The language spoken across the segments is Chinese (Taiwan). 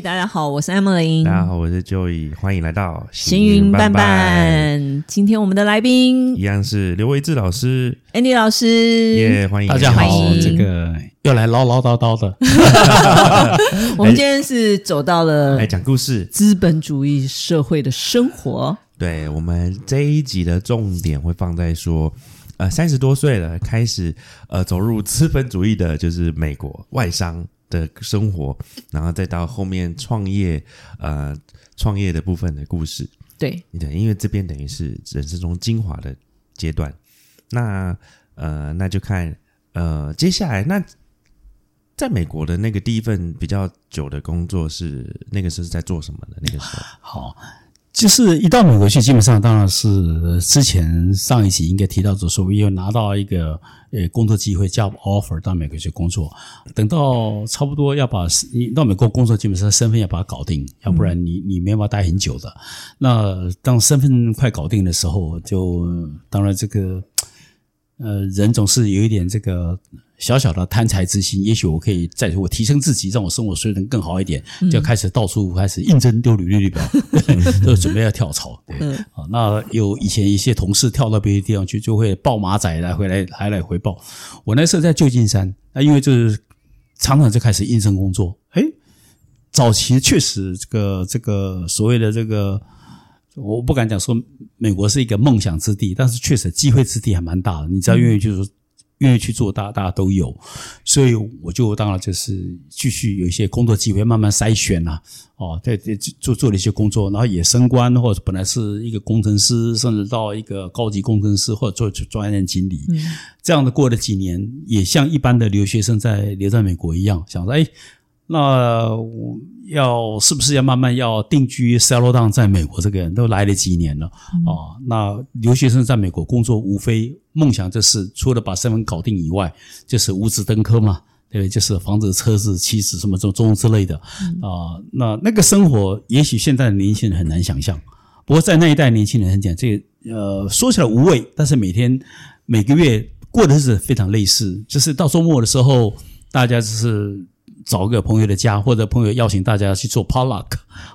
大家好，我是 Emily。大家好，我是 Joy，歡迎來到行雲伴伴。今天我們的來賓一樣是劉為治老師，Andy 老師也、yeah, 歡迎大家好。好，這個又來嘮嘮叨，叨叨的。 我們今天是走到了來講故事，資本主義社會的生活。哎哎、對，我們這一集的重點會放在說，呃，三十多歲了，開始呃走入資本主義的，就是美國外商。的生活，然後再到後面創業，呃，創業的部分的故事，對，因為這邊等於是人生中精華的階段，那呃，那就看呃，接下來那在美國的那個第一份比較久的工作是，那個時候是在做什麼的？那個時候好。就是一到美國去，基本上當然是之前上一集應該提到，就說有拿到一個呃工作機會，job offer 到美國去工作。等到差不多要把你到美國工作，基本上身份要把它搞定，要不然你你沒辦法待很久的。那當身份快搞定的時候，就當然這個。呃，人總是有一點這個小小的貪財之心。也許我可以再我提升自己，讓我生活水準更好一點，嗯、就要開始到處開始應徵丟履歷了、嗯、 就準備要跳槽對，嗯。那有以前一些同事跳到別的地方去，就會報馬仔來回來來來回報。我那時候在舊金山，那因為就是常常就開始應徵工作。欸、早期確實這個這個、這個、所謂的這個。我不敢講說美國是一個夢想之地，但是確實機會之地還蠻大的。你只要願意，就是願意去做，大家大家都有。所以我就當然就是繼續有一些工作機會，慢慢篩選啦、啊。哦，在在做做了一些工作，然後也升官，或者本來是一個工程師，甚至到一個高級工程師，或者做專業經理。這樣的過了幾年，也像一般的留學生在留在美國一樣，想說哎。那要是不是要慢慢要定居 settle down 在美國？這個人都來了幾年了啊、嗯呃。那留學生在美國工作，無非夢想就是除了把身份搞定以外，就是五子登科嘛，對不對？就是房子、車子、妻子什麼什種之類的啊、嗯呃。那那個生活，也許現在的年輕人很難想象。不過在那一代年輕人很簡單這這個、呃說起來無味，但是每天每個月過的日子非常類似，就是到周末的時候，大家就是。找個朋友的家，或者朋友邀請大家去做 potluck，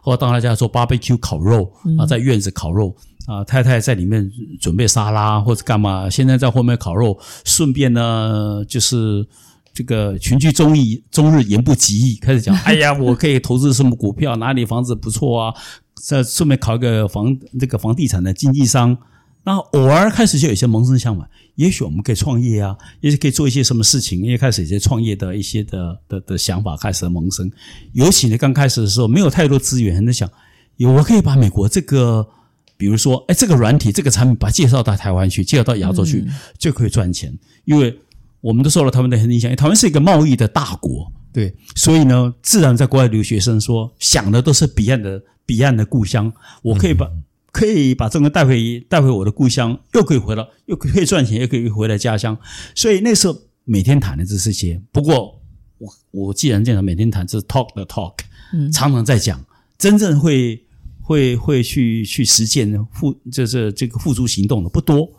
或者到他家做 barbecue 烤肉啊、嗯，在院子烤肉啊、呃，太太在裡面準備沙拉或者幹嘛。現在在後面烤肉，順便呢，就是這個群居終日，終日言不及義，開始講， 哎呀，我可以投資什麼股票，哪裡房子不錯啊？再順便考一個房那、這個房地產的經紀商，然後偶爾開始就有些萌生想法，也許我們可以創業啊，也許可以做一些什麼事情。因為開始一些創業的一些的的的,的想法開始萌生，尤其呢剛開始的時候沒有太多資源，很多想我可以把美國這個，嗯、比如說哎、欸、這個軟體這個產品，把它介紹到台灣去，介紹到亞洲去、嗯、就可以賺錢。因為我們都受了他們的影響，因為台灣是一個貿易的大國，對，所以呢自然在國外留學生說想的都是彼岸的彼岸的故鄉，我可以把。嗯可以把這個帶回帶回我的故鄉，又可以回到，又可以賺錢，又可以回到家鄉，所以那時候每天談的這是這些。不過我我既然這樣每天談，是 talk the talk，嗯，常常在講，真正會會會去去實踐付，這這這個付諸行動的不多，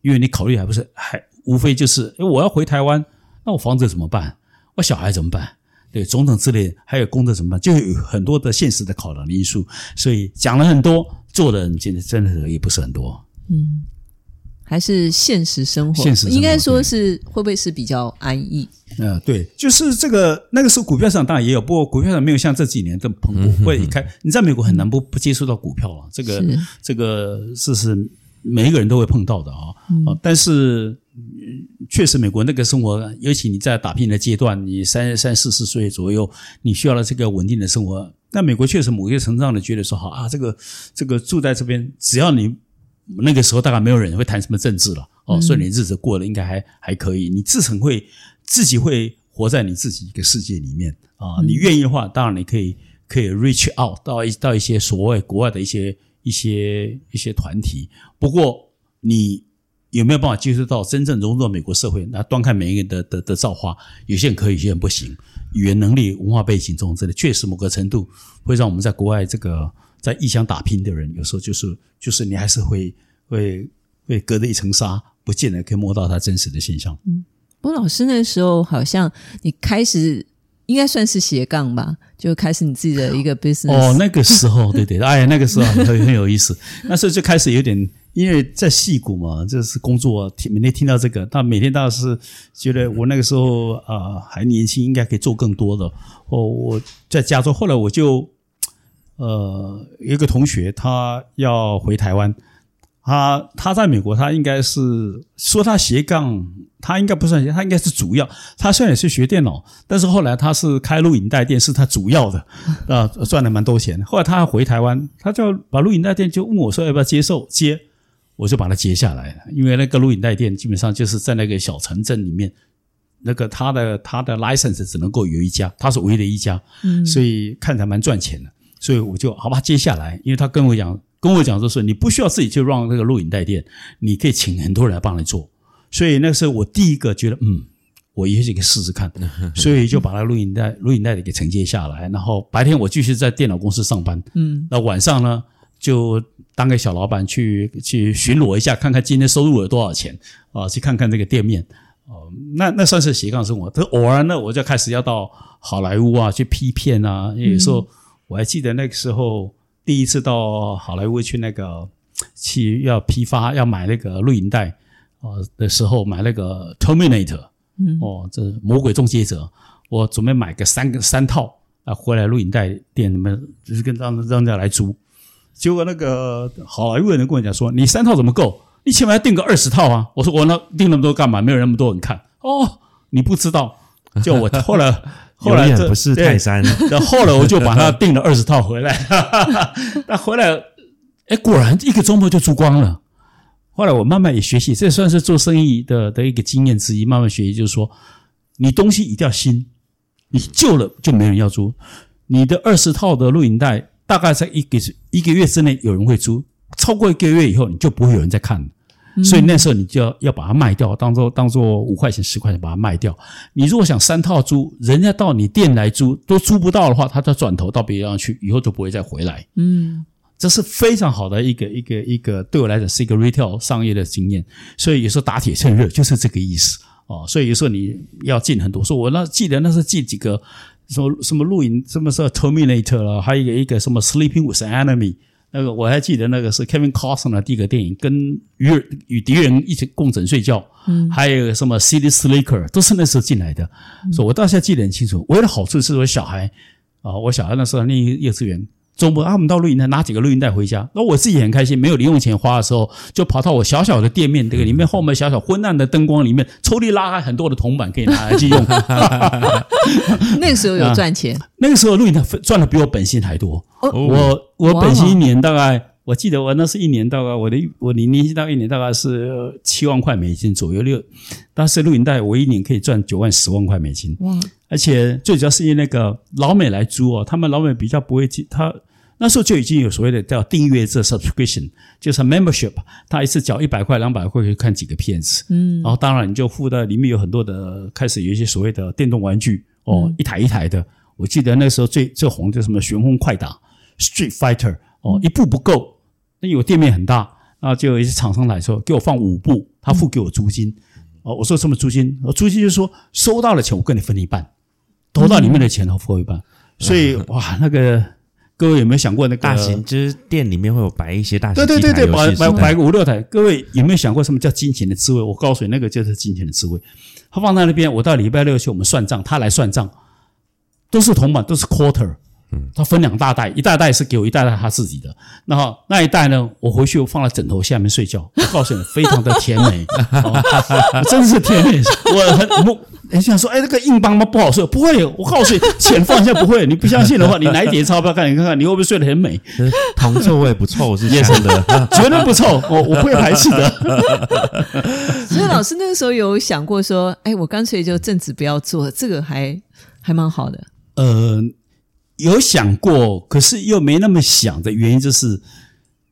因為你考慮還不是還無非就是我要回台灣，那我房子怎麼辦？我小孩怎麼辦？對，種種之類，還有工作怎麼辦？就有很多的現實的考量的因素，所以講了很多。做的真的真的也不是很多，嗯，還是現實生活，現實生活。應該說是會不會是比較安逸？嗯，對，就是這個那個時候股票上當然也有，不過股票上沒有像這幾年這麼蓬勃。會、嗯，者開你，你在美國很難不不接觸到股票啊，這個是這個是是每一個人都會碰到的啊。啊、嗯，但是確實美國那個生活，尤其你在打拼的階段，你三三四十歲左右，你需要了這個穩定的生活。但美國確實某些程度上的覺得說好啊，這個這個住在這邊，只要你那個時候大概沒有人會談什麼政治了，嗯、哦，所以你日子過得應該還還可以，你自成會自己會活在你自己一個世界裡面啊，你願意的話，當然你可以可以 reach out 到一到一些所謂國外的一些一些一些團體，不過你。有沒有辦法接觸到真正融入美國社會？那端看每一個人的的的,的造化，有些人可以，有些人不行。語言能力、文化背景，這種之類，確實某個程度會讓我們在國外這個在異鄉打拼的人，有時候就是就是你還是會會會隔着一層紗，不見得可以摸到他真實的形象。嗯，不過老師那時候好像你開始應該算是斜槓吧，就開始你自己的一個 business。哦，那個時候對對對，哎呀，那個時候很有很有意思，那時候就開始有點。因為在矽谷嘛，這是工作，聽每天聽到這個，他每天倒是覺得我那個時候啊、呃、還年輕，應該可以做更多的，我、哦、我在加州，後來我就，呃，有一個同學他要回台灣，他他在美國，他應該是說他斜槓，他應該不算斜，他應該是主要，他雖然也是學電腦，但是後來他是開錄影帶店，是他主要的，啊，賺了蠻多錢。 後來他回台灣，他就把錄影帶店就問我說要不要接受接。我就把它接下來了，因為那個錄影帶店基本上就是在那個小城鎮裡面，那個他的他的 license 只能夠有一家，他是唯一的一家，嗯，所以看着還蠻賺錢的，所以我就好吧，接下來。因為他跟我講跟我講就是你不需要自己去 run 那個錄影帶店，你可以請很多人來幫你做，所以那時候我第一個覺得嗯，我也許可以試試看，所以就把他錄影帶錄影帶的給承接下來，然後白天我繼續在電腦公司上班，嗯，那晚上呢就，當個小老闆去去巡邏一下，看看今天收入有多少錢啊、呃？去看看這個店面哦、呃。那那算是斜槓生活。他偶然呢，我就開始要到好萊塢啊去批片啊。有時候我還記得那個時候第一次到好萊塢去那個去要批發要買那個錄影帶啊、呃、的時候，買那個《Terminator、呃》哦，這《魔鬼終結者》，我準備買個三個三套啊，回來錄影帶店裡面就是跟讓讓人家來租。結果那個好，又有人跟我講說：“你三套怎麼夠？你起碼要訂個二十套啊！”我說我：“我那訂那麼多幹嘛？沒有那麼多人看哦，你不知道。”就我後來， 後來也不是泰山，然後來我就把它訂了二十套回來。哈哈哈，那回來，哎，果然一個周末就租光了。後來我慢慢也學習，這算是做生意的的一個經驗之一。慢慢學習就是說，你東西一定要新，你舊了就沒有人要租。嗯、你的二十套的錄影帶。大概在一個一個月之內，有人會租。超過一個月以後，你就不會有人再看、嗯、所以那時候你就要要把它賣掉，當做當做五塊錢、十塊錢把它賣掉。你如果想三套租，人家到你店來租都租不到的話，他再轉頭到別地方去，以後就不會再回來。嗯，這是非常好的一個一個一個，對我來講是一個 retail 商業的經驗。所以有時候打鐵趁熱就是這個意思啊、哦。所以有時候你要進很多，所以我那記得那是進幾個。什麼什麼錄影，什麼時候 Terminator 了？還有一個,一個什麼 Sleeping with an Enemy 那個我還記得那個是 Kevin Costner 的第一個電影，跟與與敵人一起共枕睡覺。嗯，還有個什麼 City Slicker 都是那時候進來的。嗯、所以我到現在記得很清楚。唯一的好處是我小孩，啊，我小孩那時候念幼稚園。總部啊，我們到錄影帶店，拿幾個錄影帶回家，那我自己很開心。沒有零用錢花的時候，就跑到我小小的店面，這個裡面後門小小昏暗的燈光裡面，抽屜拉開很多的銅板可以拿來去用 。 那個時候有賺錢，那個時候錄影帶賺的比我本薪還多、哦。我我本薪一年大概。我記得我那是一年大概我的我年薪，到一年大概是、呃、七萬塊美金左右六，但是錄影帶我一年可以賺九萬十萬塊美金，嗯，而且最主要是因為那個老美來租哦，他們老美比較不會記，他那時候就已經有所謂的叫訂閱制 subscription，就是 membership，他一次繳一百塊兩百塊可以看幾個片子，嗯，然後當然你就附帶裡面有很多的開始有一些所謂的電動玩具哦，一台一台的，我記得那時候最最紅的什麼旋風快打 Street Fighter 哦，一步不夠。因為我店面很大，然後就有一些廠商來說，給我放五部，他付給我租金，嗯、哦，我說什麼租金？租金就是說收到的錢，我跟你分一半，投到裡面的錢，我付一半。嗯、所以哇，那個各位有沒有想過，那個大型就是店裡面會有擺一些大型對對對對擺擺擺個五六台？哦、各位有沒有想過什麼叫金錢的滋味？我告訴你，那個就是金錢的滋味。他放在那邊，我到禮拜六去我們算賬，他來算賬，都是銅板，都是 quarter。嗯、他分兩大袋，一大袋是給我，一大袋他自己的。然後那一袋呢，我回去我放在枕頭下面睡覺。我告訴你，非常的甜美， 哦、真是甜美。我很，我很、欸、想說，哎、欸，這、那個硬邦邦不好睡。不會，我告訴你，錢放一下不會。你不相信的話，你拿一疊鈔票看，你看看你會不會睡得很美？銅臭味不臭 是野真生的， 絕對不臭、哦。我我會排斥的。所 以老師那個時候有想過說，哎、欸，我乾脆就正職，不要做，這個還還蠻好的。嗯、呃有想過，可是又沒那麼想的原因，就是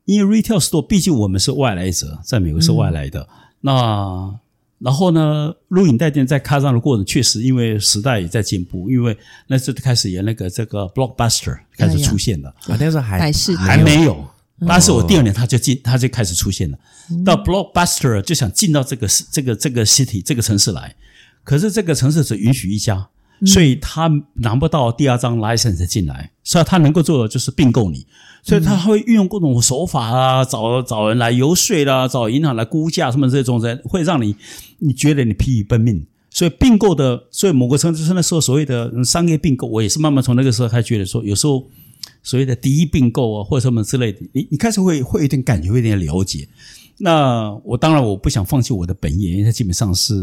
因為 retail store 畢竟我們是外來者，在美國是外來的。嗯、那然後呢，錄影帶店在開張的過程，確實因為時代也在進步，因為那時候就開始有那個這個 blockbuster 開始出現了，那時候還還是沒還沒有。哦、但是我第二年他就進，他就開始出現了。到 blockbuster 就想進到這個這個這個 city 這個城市來，可是這個城市只允許一家。所以他拿不到第二張 license 進來，所以他能夠做的就是併購你。所以他會運用各種手法啊，找找人來遊說啦、啊，找銀行來估價什麼這種人，會讓你你覺得你疲於奔命。所以併購的，所以某個城市那時候所謂的商業併購，我也是慢慢從那個時候開始覺得說，有時候所謂的第一併購啊或者什麼之類的，你你開始會會有點感覺，會有點了解。那我當然我不想放棄我的本業，因為它基本上是，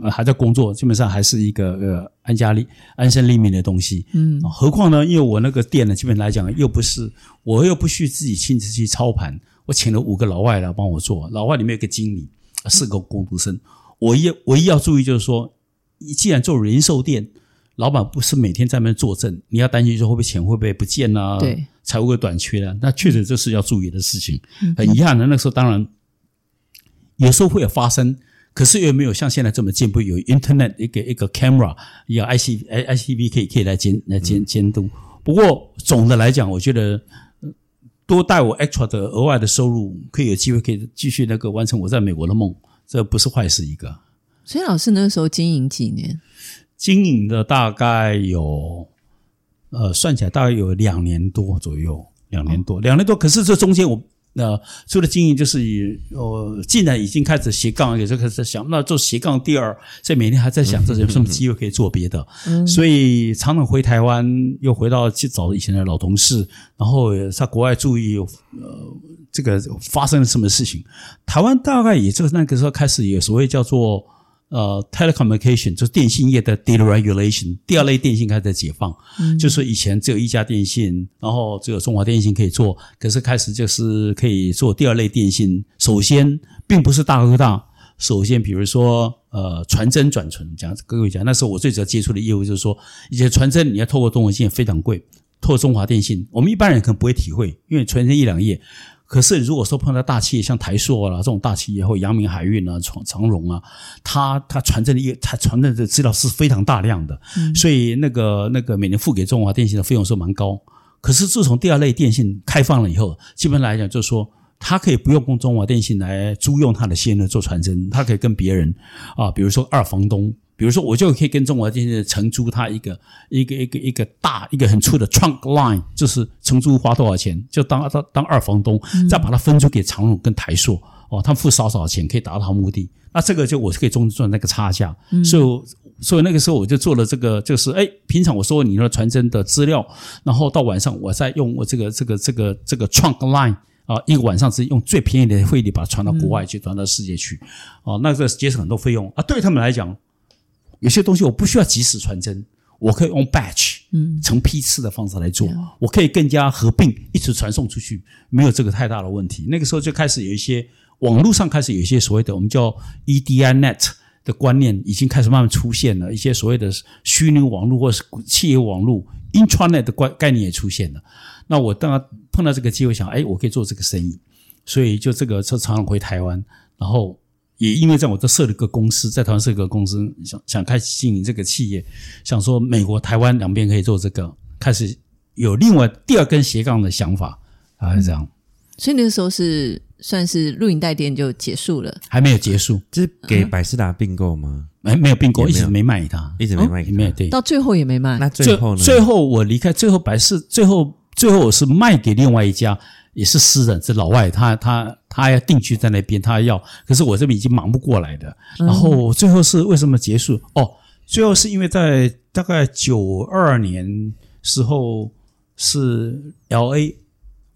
呃、還在工作，基本上還是一個呃安家立安身立命的東西。嗯，何況呢，因為我那個店呢，基本來講又不是，我又不需自己親自去操盤，我請了五個老外來幫我做，老外裡面有個經理，四個工讀生。嗯。我一唯一要注意就是說，你既然做零售店，老闆不是每天在那邊坐鎮，你要擔心說會不會錢會不會不見啊？對，財務會短缺啊，那確實這是要注意的事情。嗯、很遺憾的，那個時候當然。有時候會有發生，可是又沒有像現在這麼進步。有 Internet 一個一個 camera，有 IC IICV 可以可以來監、嗯、來監監督。不過總的來講，我覺得多帶我 extra 的額外的收入，可以有機會可以繼續那個完成我在美國的夢，這不是壞事一個。所以老師那個時候經營幾年？經營的大概有，呃，算起來大概有兩年多左右，兩年多，嗯、兩年多。可是這中間我。那、呃、做的經營就是以呃，既、哦、然已經開始斜槓，也就開始在想，那做斜槓第二，所以每天還在想著有什麼機會可以做別的、嗯嗯。所以常常回台灣，又回到去找以前的老同事，然後在國外注意呃，這個發生了什麼事情？台灣大概也就那個時候開始，有所謂叫做，呃、uh,，telecommunication 就是電信業的 deregulation，第二類電信開始在解放，mm -hmm. 就是以前只有一家電信，然後只有中華電信可以做，可是開始就是可以做第二類電信。首先，mm -hmm. 並不是大哥大、嗯，首先比如說，呃，傳真轉存，講各位講，那時候我最主要接觸的業務就是說，以前傳真你要透過中華電信非常貴，透過中華電信，我們一般人可能不會體會，因為傳真一兩頁。可是如果說碰到大企業，像台塑啊，這種大企業，或陽明海運啊、長長榮啊，它它傳真一，它傳的這資料是非常大量的，嗯、所以那個那個每年付給中華電信的費用是蠻高。可是自從第二類電信開放了以後，基本來講就是說，他可以不用跟中華電信來租用他的線來做傳真，他可以跟別人啊，比如說二房東。比如說，我就可以跟中國進行承租，他一個，一個一個一個一個大一個很粗的 trunk line，就是承租花多少錢，就當當當二房東，再把它分租給長榮跟台塑哦，他們付少少錢可以達到他的目的。那這個就我是可以中賺那個差價。所以所以那個時候我就做了這個，就是哎、欸，平常我收你的傳真的資料，然後到晚上我再用我這個這個這個這個 trunk line 啊，一個晚上只用最便宜的費率把它傳到國外去，傳到世界去，哦，那這節省很多費用啊。對他們來講。有些東西我不需要即時傳真，我可以用 batch，嗯，成批次的方式來做，我可以更加合併，一直傳送出去，沒有這個太大的問題。那個時候就開始有一些網絡上開始有一些所謂的我們叫 EDI Net 的觀念，已經開始慢慢出現了一些所謂的虛擬網絡或是企業網絡 Intranet 的概概念也出現了。那我當然碰到這個機會，想哎，我可以做這個生意，所以就這個車常常回台灣，然後。也因為在我都設了個公司，在台灣設個公司，想想開始經營這個企業，想說美國台灣兩邊可以做這個，開始有另外第二根斜槓的想法、啊、是這樣、嗯。所以那個時候是算是錄影帶店就結束了，還沒有結束，就是給百視達併購嗎？沒、嗯、沒有併購，一直沒賣它，一直沒賣給，哦、沒有對到最後也沒賣。那最後呢？最後我離開，最後百視，最後最後我是賣給另外一家。也是私人，是老外，他他他要定居在那邊，他要。可是我這邊已經忙不過來的。然後最後是為什麼結束？嗯、哦，最後是因為在大概九二年時候，是 L A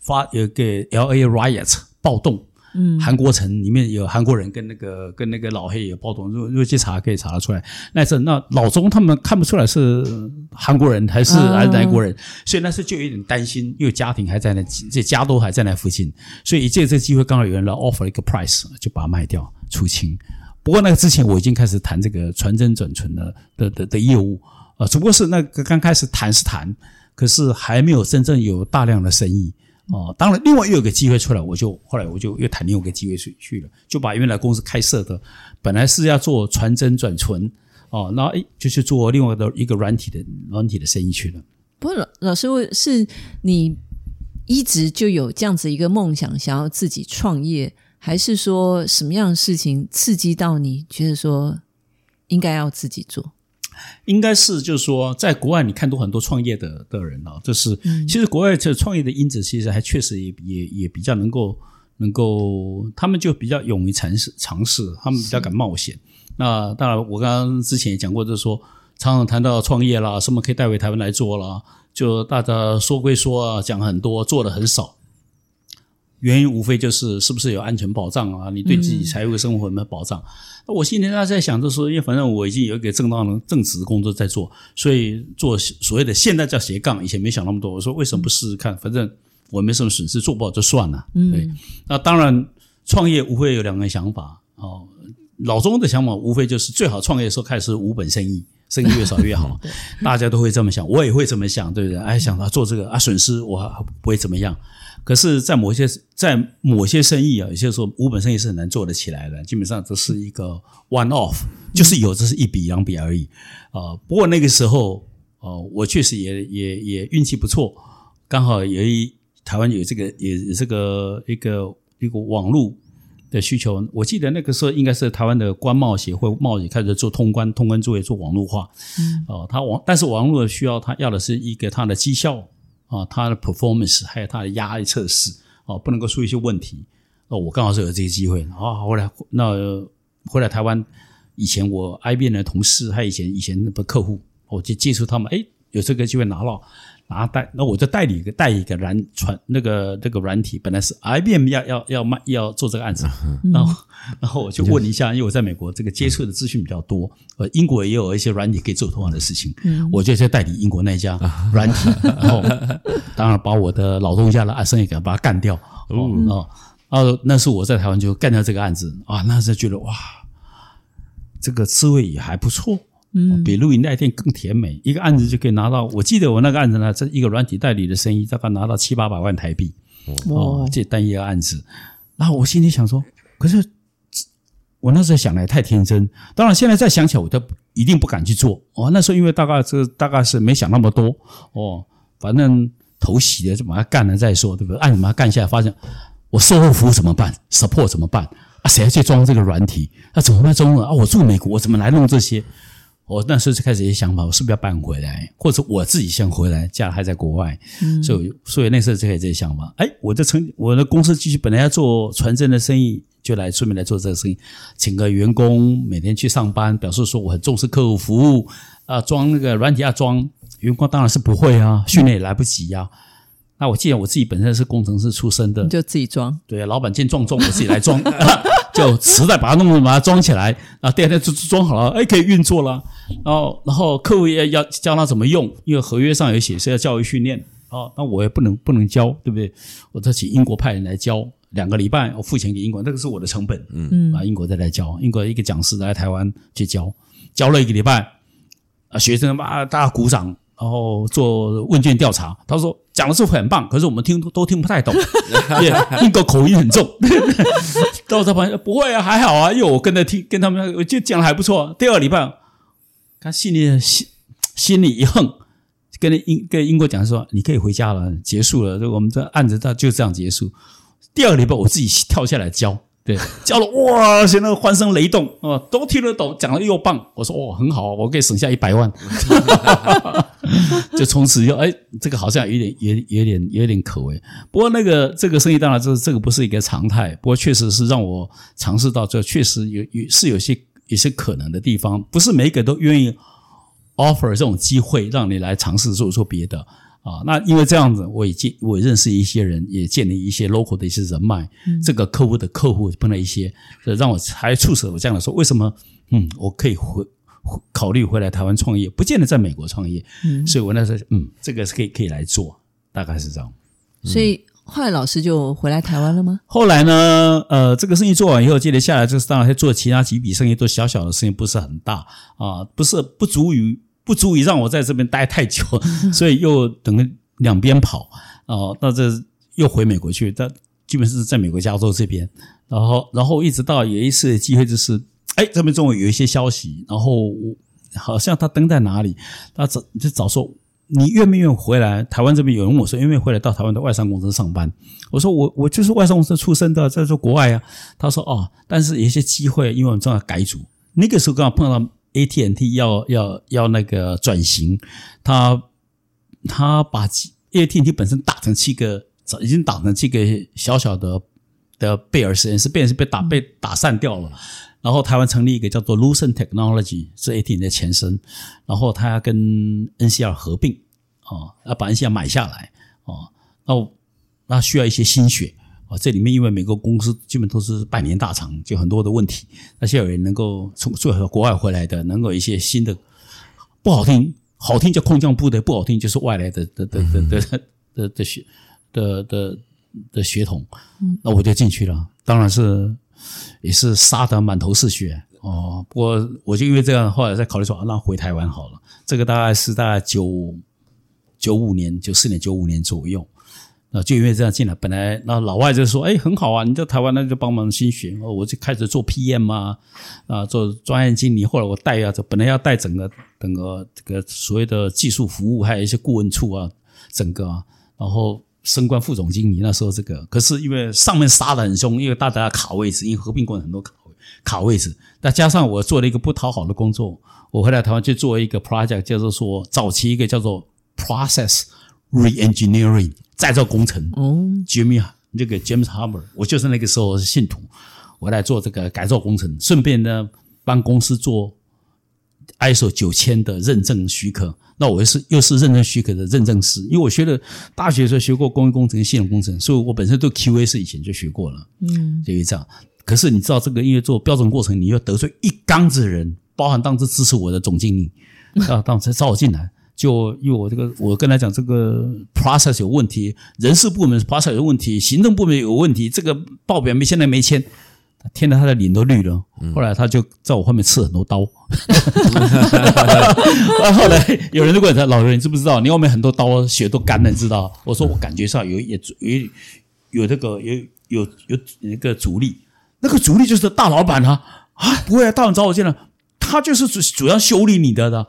發有個 L A riots 暴動。嗯，韓國城裡面有韓國人，跟那個跟那個老黑有暴動，如果如果去查可以查得出來。那是那老中他們看不出來是韓國人還是還是南國人，所以那時就有點擔心，因為家庭還在那，這家都還在那附近，所以借這個機會剛好有人來 offer 一個 price 就把它賣掉出清。不過那個之前我已經開始談這個傳真轉存的的的的業務，呃，只不過是那個剛開始談是談，可是還沒有真正有大量的生意。哦，當然，另外又有個機會出來，我就後來我就又談另外一個機會去去了，就把原來公司開設的，本來是要做傳真轉存，哦，然後哎，就去做另外的一個軟體的軟體的生意去了。不是，老師問，是，你一直就有這樣子一個夢想，想要自己創業，還是說什麼樣的事情刺激到你覺得說應該要自己做？應該是，就是說，在國外你看多很多創業的的人啊，就是其實國外這創業的因子，其實還確實也也也比較能夠能夠，他們就比較勇於嘗試嘗試，他們比較敢冒險。那當然，我剛剛之前也講過，就是說常常談到創業啦，什麼可以帶回台灣來做啦，就大家說歸說啊，講很多，做的很少。原因無非就是是不是有安全保障啊？你對自己財務生活有沒有保障、嗯？我心裡在在想的時候，因為反正我已經有一個正當正職工作在做，所以做所謂的現在叫斜槓，以前沒想那麼多。我說，為什麼不試試看？反正我沒什麼損失，做不好就算了、啊嗯。對，那當然，創業無非有兩個想法哦。老中的想法無非就是最好創業的時候開始無本生意，生意越少越好。大家都會這麼想，我也會這麼想，對不對？哎，想到做，做這個啊，損失我還不會怎麼樣。可是，在某些在某些生意啊，有些時候無本生意是很難做得起來的。基本上只是一個 one off，就是有，這是一筆兩筆而已啊、呃。不過那個時候，哦，我確實也，也也也運氣不錯，剛好有一，台灣有這個有這個一個一個網絡的需求。我記得那個時候應該是台灣的關貿協會貿易開始做通關通關作業做網絡化，嗯，他網但是網絡需要他要的是一個他的績效。啊，他的 performance 還有他的壓力測試，啊，不能夠出一些問題。那我剛好是有這個機會，啊，回來那回來台灣，以前我 IBM 的同事，還有以前以前的客戶，我就接觸他們，哎，有這個機會拿了。啊，帶，那我就代理一個，代理一個軟傳那個那個軟體，本來是 IBM 要要要賣要做這個案子，嗯、然後然後我就問一下、就是，因為我在美國這個接觸的資訊比較多，呃，英國也有一些軟體可以做同樣的事情，嗯、我就在代理英國那家軟體，嗯、然後當然把我的老東家的啊生意給他把他幹掉，哦、嗯、哦，啊，那時我在台灣就幹掉這個案子啊，那時候覺得哇，這個滋味也還不錯。比、嗯、錄影帶店更甜美，一個案子就可以拿到。我記得我那個案子呢，這一個軟體代理的生意，大概拿到七八百萬台幣。哦，哦，這單一個案子，然後我心裡想說，可是我那時候想來太天真。當然，現在再想起來，我都一定不敢去做。哦，那時候因為大概這大概是沒想那麼多。哦，反正頭洗了就把它幹了再說，對不對？案子把它幹下來，發現我售後服務怎麼辦？Support 怎麼辦？啊，誰去裝這個軟體？那、啊、怎麼辦裝呢？中文啊，我住美國，我怎麼來弄這些？我那時候就開始些想法，我是不是要搬回來，或者我自己先回來，家裡還在國外，嗯、所以所以那時候就開始這些想法。哎、欸，我的成我的公司繼續本來要做傳真的生意，就來順便來做這個生意，請個員工每天去上班，表示說我很重視客戶服務。啊、呃，裝那個軟體要裝，員工當然是不會啊，訓練也來不及呀、啊。那我既然我自己本身是工程師出身的，就自己裝。對啊，老板見狀，狀我自己來裝。 就磁帶把它弄，把它裝起來，啊，第二天就裝好了，哎，可以運作了。然後，然後客戶要要教他怎麼用，因為合約上有寫是要教育訓練。哦，那我也不能不能教，對不對？我再請英國派人來教兩個禮拜，我付錢給英國，那個是我的成本。嗯嗯，啊，英國再來教，英國一個講師來台灣去教，教了一個禮拜，啊，學生哇，大家鼓掌，然後做問卷調查。他說講的是不是很棒，可是我們聽都聽不太懂，英國口音很重。 到他旁邊，不會啊，還好啊，因為我跟他聽，跟他們，我就講的還不錯啊。第二禮拜，他心裡心心裡一橫，跟英跟英國講說，你可以回家了，結束了，就我們這案子到就這樣結束。第二禮拜，我自己跳下來教。對，教了哇，現在歡聲雷動啊，都聽得懂，講的又棒。我說哇、哦，很好，我可以省下一百萬。哈哈哈，就從此就哎，這個好像有點，有有點，有點可為。不過那個這個生意當然這、就是、這個不是一個常態，不過確實是讓我嘗試到這，確實有有是有些有些可能的地方，不是每一個都願意 offer 這種機會讓你來嘗試做做別的。啊，那因為這樣子，我也建，我認識一些人，也建立一些 local 的一些人脈。嗯、這個客戶的客戶碰到一些，所以讓我才促使我這樣的說，為什麼？嗯，我可以回考慮回來台灣創業，不見得在美國創業。嗯，所以我那時候，嗯，這個是可以可以來做，大概是這樣。嗯、所以後來老師就回來台灣了嗎？後來呢？呃，這個生意做完以後，接着下來就是當然做其他幾筆生意，都小小的生意，不是很大啊，不是不足以。不足以讓我在這邊待太久，所以又等於兩邊跑，哦，到這又回美國去。但基本是在美國加州這邊，然後，然後一直到有一次的機會，就是哎，這邊中國有一些消息，然後我好像他登在哪裡，他早就早說，你願不願意回來？台灣這邊有人問我說，願不願意回來到台灣的外商公司上班？我說我我就是外商公司出身的，在這國外啊。他說哦，但是有一些機會，因為我們正在改組，那個時候剛好碰到 AT&T 要要要那個轉型，他他把 AT&T 本身打成七個，已經打成七個小小的的貝爾實驗室，貝爾是被打被打散掉了。然後台灣成立一個叫做 Lucent Technology 是 AT&T 的前身。然後他要跟 NCR 合併，啊、哦，要把 NCR 買下來，啊、哦，那那需要一些心血。這裡面，因為每個公司基本都是百年大廠，就很多的問題。那些有人能夠從最好的國外回來的，能夠一些新的，不好聽，好聽叫空降部隊，不好聽就是外來的的嗯嗯的的的的的血的的的，的血統。那我就進去了，當然是也是殺得滿頭是血哦。不過我就因為這樣，後來再考慮說，啊，那回台灣好了。這個大概是大概九九五年、九四年、九五年左右。啊，就因為這樣進來，本來那老外就說：“哎，很好啊，你在台灣那就幫忙新學。我就開始做 PM 啊，啊，做專業經理。後來我帶啊，本來要帶整個整個這個所謂的技術服務，還有一些顧問處啊，整個。啊，然後升官副總經理，那時候這個，可是因為上面殺得很凶，因為大家卡位置，因為合併過很多卡位卡位置。再加上我做了一個不討好的工作，我回來台灣去做一個 project，叫做說早期一個叫做 process reengineering。再造工程哦、嗯、，Jimmy 這個 James Hammer，我就是那個時候是信徒，我來做這個改造工程，順便呢幫公司做 ISO 九千的認證許可。那我又是又是認證許可的認證師，嗯、因為我學的大學的時候學過工業工程、系統工程，所以我本身對 QA 是以前就學過了。嗯，就是這樣，可是你知道這個，因為做標準過程，你要得罪一缸子的人，包含當時支持我的總經理，啊，當時招我進來。嗯嗯就因為我這個，我跟他講這個 process 有問題，人事部門 process 有問題，行政部門有問題，這個報表沒現在沒簽。他聽了，他的臉都綠了。後來他就在我後面刺很多刀。然後後來有人就問他：“老人，你知不知道你後面很多刀血都乾了？”你知道。我說我感覺上有也有一有這個有有有一個阻力，那個阻力就是大老闆啊。啊不會啊，大老闆找我見了，他就是主主要修理你的的。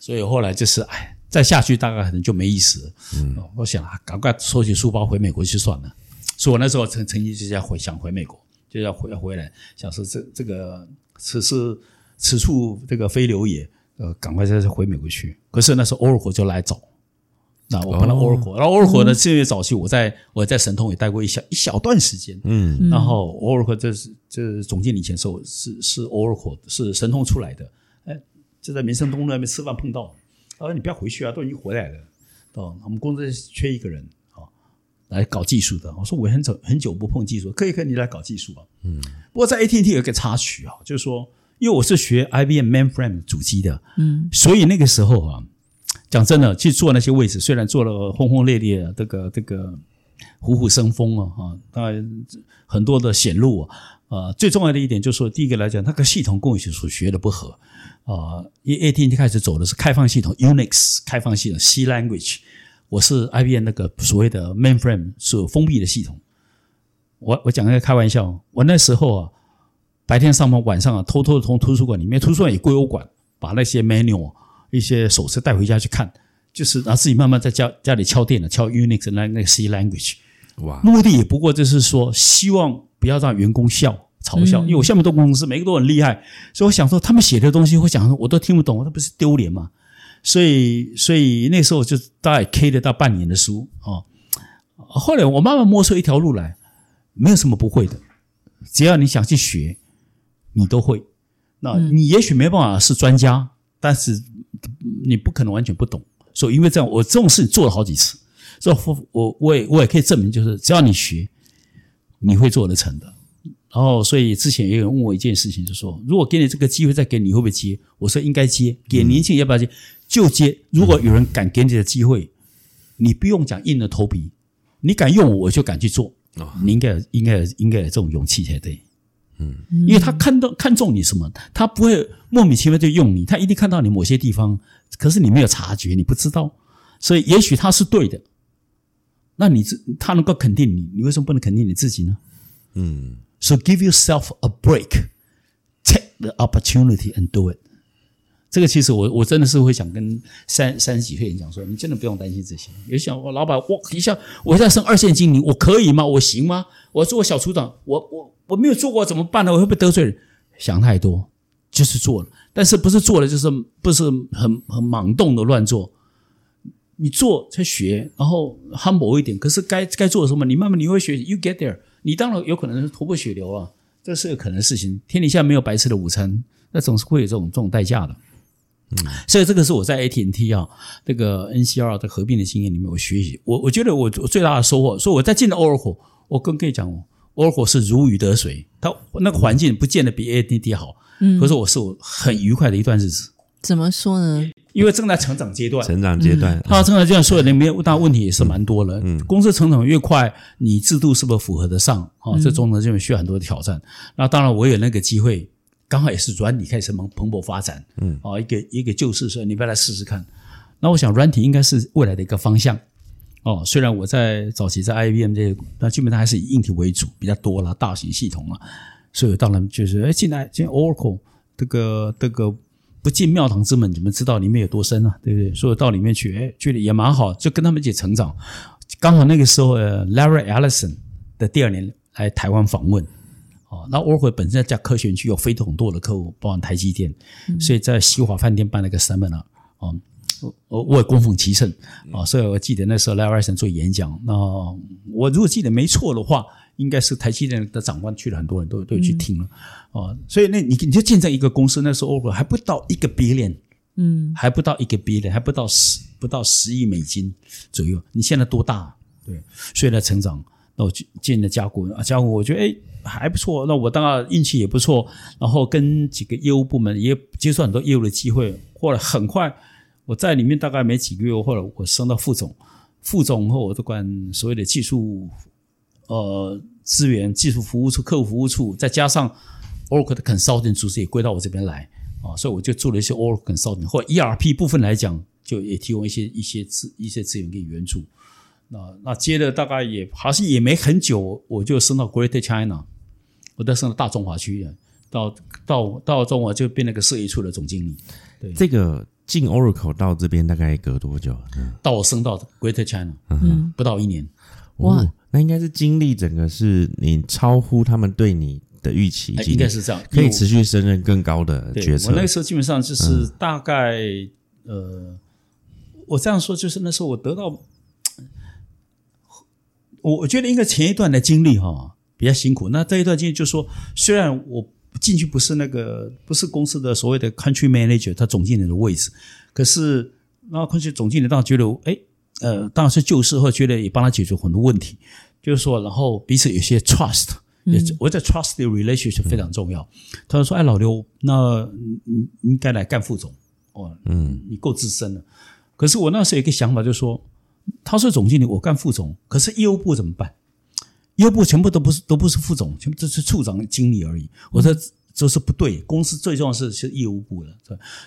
所以後來就是哎，再下去大概可能就沒意思了。嗯，我想啊，趕快收起書包回美國去算了。所以我那時候曾曾經就要回想回美國，就要回回來，想說這這個此事此處這個飛流也，呃，趕快再回美國去。可是那時候 Oracle 就來找，那我碰到 Oracle 然後 Oracle 呢，這個月早期我在、嗯、我在神通也待過一小一小段時間，嗯，然後 Oracle 就是就是、總經理前說，以前是是是 Oracle 是神通出來的，哎。就在民生東路那邊吃飯碰到，他說：“你不要回去啊，都已經回來了。”哦，我們公司缺一個人啊，來搞技術的。我說：“我很久很久不碰技術，可以可以，你來搞技術啊。”嗯。不過在 AT&T 有個插曲啊，就是說，因為我是學 IBM mainframe 主機的，嗯，所以那個時候啊，講真的，去做那些位置，雖然做了轟轟烈烈，這個這個虎虎生風啊，啊，當然很多的顯露啊，啊，最重要的一點就是說，第一個來講，那個系統供系所學的不合。啊，AT&T 開始走的是開放系統 Unix、開放系統 C language。我是 IBM 那個所謂的 mainframe 是有封閉的系統。我我講一個開玩笑，我那時候啊，白天上班，晚上啊，偷偷的從圖書館裡面，圖書館也歸我管，把那些 manual 一些手冊帶回家去看，就是讓自己慢慢在家家裡敲電腦，敲 Unix 那那個 C language。哇、wow，目的也不過就是說，希望不要讓員工笑。嘲笑，因為我下面都工程師每個都很厲害，所以我想說他們寫的東西會講說我都聽不懂，那不是丟臉嗎？所以，所以那時候就大概 K 了大半年的書啊、哦。後來我慢慢摸出一條路來，沒有什麼不會的，只要你想去學，你都會。那你也許沒辦法是專家，但是你不可能完全不懂。所以因為這樣，我這種事做了好幾次，所以我也，我我我也可以證明，就是只要你學，你會做得成的。然後，所以之前也有人問我一件事情，就是說：“如果給你這個機會，再給你，你會不會接？”我說：“應該接。給年輕人要不要接、嗯？就接。如果有人敢給你的機會，你不用講硬着頭皮，你敢用，我就敢去做。你應該應該應該有，有這種勇氣才對。嗯，因為他看到看中你什麼，他不會莫名其妙就用你，他一定看到你某些地方，可是你沒有察覺，你不知道，所以也許他是對的。那你這他能夠肯定你，你為什麼不能肯定你自己呢？嗯。” So give yourself a break, take the opportunity and do it. 這個其實我我真的是會想跟三三十幾歲人講說，你真的不用擔心這些。有想我老板，我一下我現在升二線經理，我可以嗎？我行嗎？我做個小處長，我我我沒有做過怎麼辦呢？我會不會得罪人？想太多，就是做了。但是不是做了就是不是很很盲動的亂做？你做在學，然後 humble 一點。可是該該做什麼，你慢慢你會學。You get there. 你當然有可能是頭破血流啊，這是個可能事情。天底下沒有白吃的午餐，那總是會有這種這種代價的。嗯，所以這個是我在 AT&T 啊、哦，這、那個 NCR 在合併的經驗裡面，我學習。我我覺得我最大的收穫，所以我在進了 Oracle，我跟可以講，Oracle 是如魚得水，它那個環境不見得比 AT&T 好，可是我是我很愉快的一段日子。嗯嗯怎麼說呢？因為正在成長階段，成長階段，它、嗯、成長階段雖然沒有，但問題也是蠻多的。公、嗯、司成長越快，嗯，你制度是不是符合得上啊？這中間就需要很多的挑戰。嗯、那當然，我有那個機會，剛好也是軟體開始蓬蓬勃發展。嗯、啊、哦，一個一個就是說，你不要來試試看。那我想，軟體應該是未來的一個方向。哦，雖然我在早期在 IBM 這些，但基本上還是以硬體為主，比較多了大型系統了。所以我當然就是，哎，進來進來 Oracle 這個這個。不進廟堂之門，你們知道裡面有多深啊，對不對？所以到裡面去，哎，覺得也蠻好，就跟他們一起成長。剛好那個時候，呃，Larry Ellison 的第二年來台灣訪問，哦、嗯，那 Oracle 本身在家科學園區有非常多的客戶，包括台積電、嗯，所以在西華飯店辦了個 Seminar，哦、嗯啊，我我也躬逢其盛、嗯啊，所以我記得那時候 Larry Ellison 做演講，那我如果記得沒錯的話。應該是台積電的長官去了，很多人都都有去聽了、嗯，所以那你你就見證一個公司那時候 over 還不到一個 billion，嗯，還不到一個 billion，還不到十不到十億美金左右。你現在多大？對，所以呢，成長。那我進了家固家佳，我覺得哎，還不錯。那我當然運氣也不錯，然後跟幾個業務部門也接受很多業務的機會。後來很快我在裡面大概沒幾個月，後來我升到副總，副總後我就管所有的技術。呃，資源、技術服務處、客戶服務處，再加上 Oracle 的 Consulting 組織也歸到我這邊來啊，所以我就做了一些 Oracle Consulting 或者 ERP 部分來講，就也提供一些一些，一些資、一些資源給援助。那、啊、那接着大概也還是也沒很久，我就升到 Greater China，我再升到大中華區，到到到中華就變那個設計處的總經理。對，這個進 Oracle 到這邊大概隔多久？嗯、到我升到 Greater China，嗯哼，不到一年。哇！那應該是經歷整個是你超乎他們對你的預期的，哎，應該是這樣，可以持續升任更高的決策。我那時候基本上就是大概，嗯、呃，我這樣說就是那時候我得到，我我覺得應該前一段的經歷哈、哦、比較辛苦，那這一段經歷就是說，雖然我進去不是那個不是公司的所謂的 country manager，他總經理的位置，可是那 country 總經理倒覺得哎。誒呃，當然是救市，或覺得也幫他解決很多問題，就是說，然後彼此有些 trust，、嗯、我覺得 trust 的 relationship 非常重要。嗯、他說：“哎，老劉，那你你應該來幹副總哦，嗯，你夠資深了。可是我那時候有一個想法，就是說他是總經理，我幹副總，可是業務部怎麼辦？業務部全部都不是都不是副總，全部都是處長、經理而已。”我說。嗯就是不對，公司最重要的是是業務部的。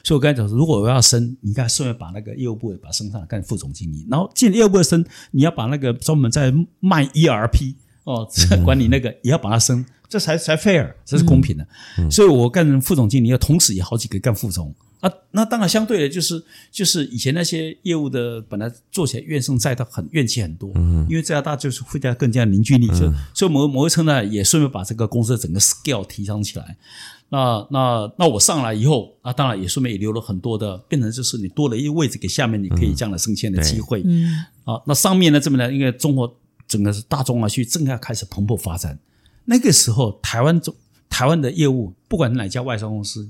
所以我剛才講，如果我要升，你看，順便把那個業務部也把它升上來幹副總經理，然後進業務部的升，你要把那個專門在賣 ERP 哦，管理那個、嗯、也要把它升。這才才 fair，這是公平的、嗯嗯。所以我幹副總經理，要同時也好幾個幹副總啊。那當然，相對的，就是就是以前那些業務的本來做起來怨聲載道很，很怨氣很多。嗯，因為這家大就是附加更加凝聚力、嗯，所以某某一層呢也順便把這個公司的整個 scale 提升起來。那那那我上來以後啊，當然也順便也留了很多的，變成就是你多了一位置給下面，你可以這樣的升遷的機會。嗯，嗯啊、那上面呢這麼呢，因為中國整個是大中華區啊，去正要開始蓬勃發展。那個時候，台灣中台灣的業務，不管哪家外商公司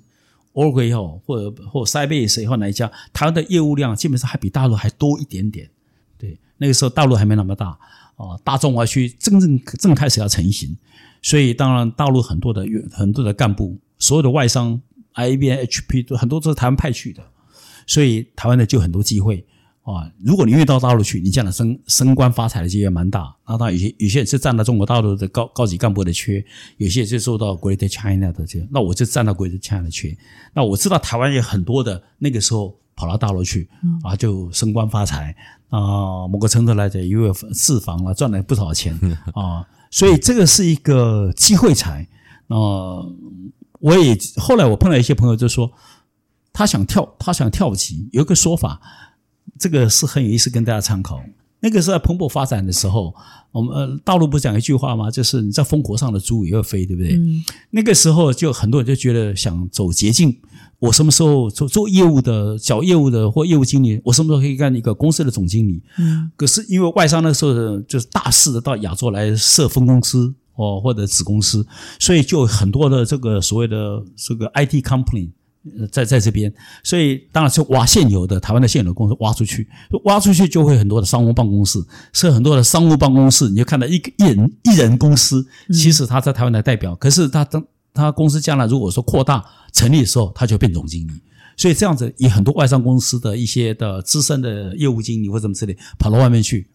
，Oracle 或或 SAP 也好，哪一家，台灣的業務量基本上還比大陸還多一點點。對，那個時候大陸還沒那麼大啊、呃，大中華區正正正開始要成型，所以當然大陸很多的很多的幹部，所有的外商 IBM、HP 都很多都是台灣派去的，所以台灣的就很多機會。啊，如果你願到大陸去，你這樣的升升官發財的機會蠻大。那他有些有些人是占到中國大陸的高高級幹部的缺，有些就受到 Greater China 的缺。那我就占到 Greater China 的缺。那我知道台灣有很多的那個時候跑到大陸去，啊，就升官發財啊、呃。某個程度來講，因為置房了，賺了不少錢啊、呃。所以這個是一個機會財。那、呃、我也後來我碰到一些朋友就說，他想跳，他想跳級，有一個說法。這個是很有意思，跟大家參考。那個時候蓬勃發展的時候，我們呃，大陸不是講一句話嗎？就是你在風口上的豬也會飛，對不對？嗯，那個時候就很多人就覺得想走捷徑。我什麼時候做做業務的、小業務的或業務經理？我什麼時候可以幹一個公司的總經理？嗯，可是因為外商那時候就是大肆的到亞洲來設分公司哦，或者子公司，所以就很多的這個所謂的這個 IT company。在在這邊，所以當然是挖現有的台灣的現有的公司挖出去，挖出去就會很多的商務辦公室，是很多的商務辦公室。你就看到一一人一人公司，其實他在台灣的代表，可是他當他公司將來如果說擴大成立的時候，他就會變總經理。所以這樣子，以很多外商公司的一些的資深的業務經理或什麼之類跑到外面去，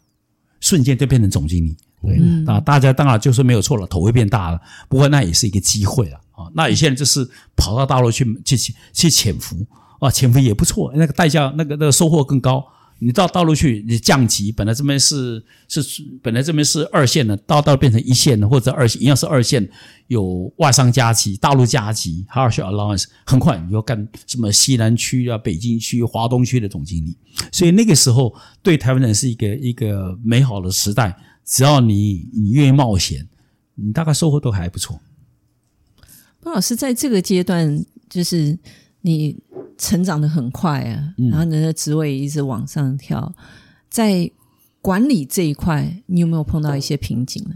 瞬間就變成總經理。對啊，嗯，大家當然就是沒有錯了，頭會變大了，不過那也是一個機會了。啊，那有些人就是跑到大陸去去去潛伏，啊，潛伏也不錯，那個代價那個那個收穫更高。你到大陸去，你降級，本來這邊是是本來這邊是二線的，到到變成一線的，或者二線一樣是二線，有外商加級，大陸加級 house allowance 很快你要幹什麼西南區啊、北京區、華東區的總經理。所以那個時候對台灣人是一個一個美好的時代，只要你你願意冒險，你大概收穫都還不錯。老師在這個階段，就是你成長得很快啊，嗯，然後你的職位一直往上跳，在管理這一塊，你有沒有碰到一些瓶頸呢？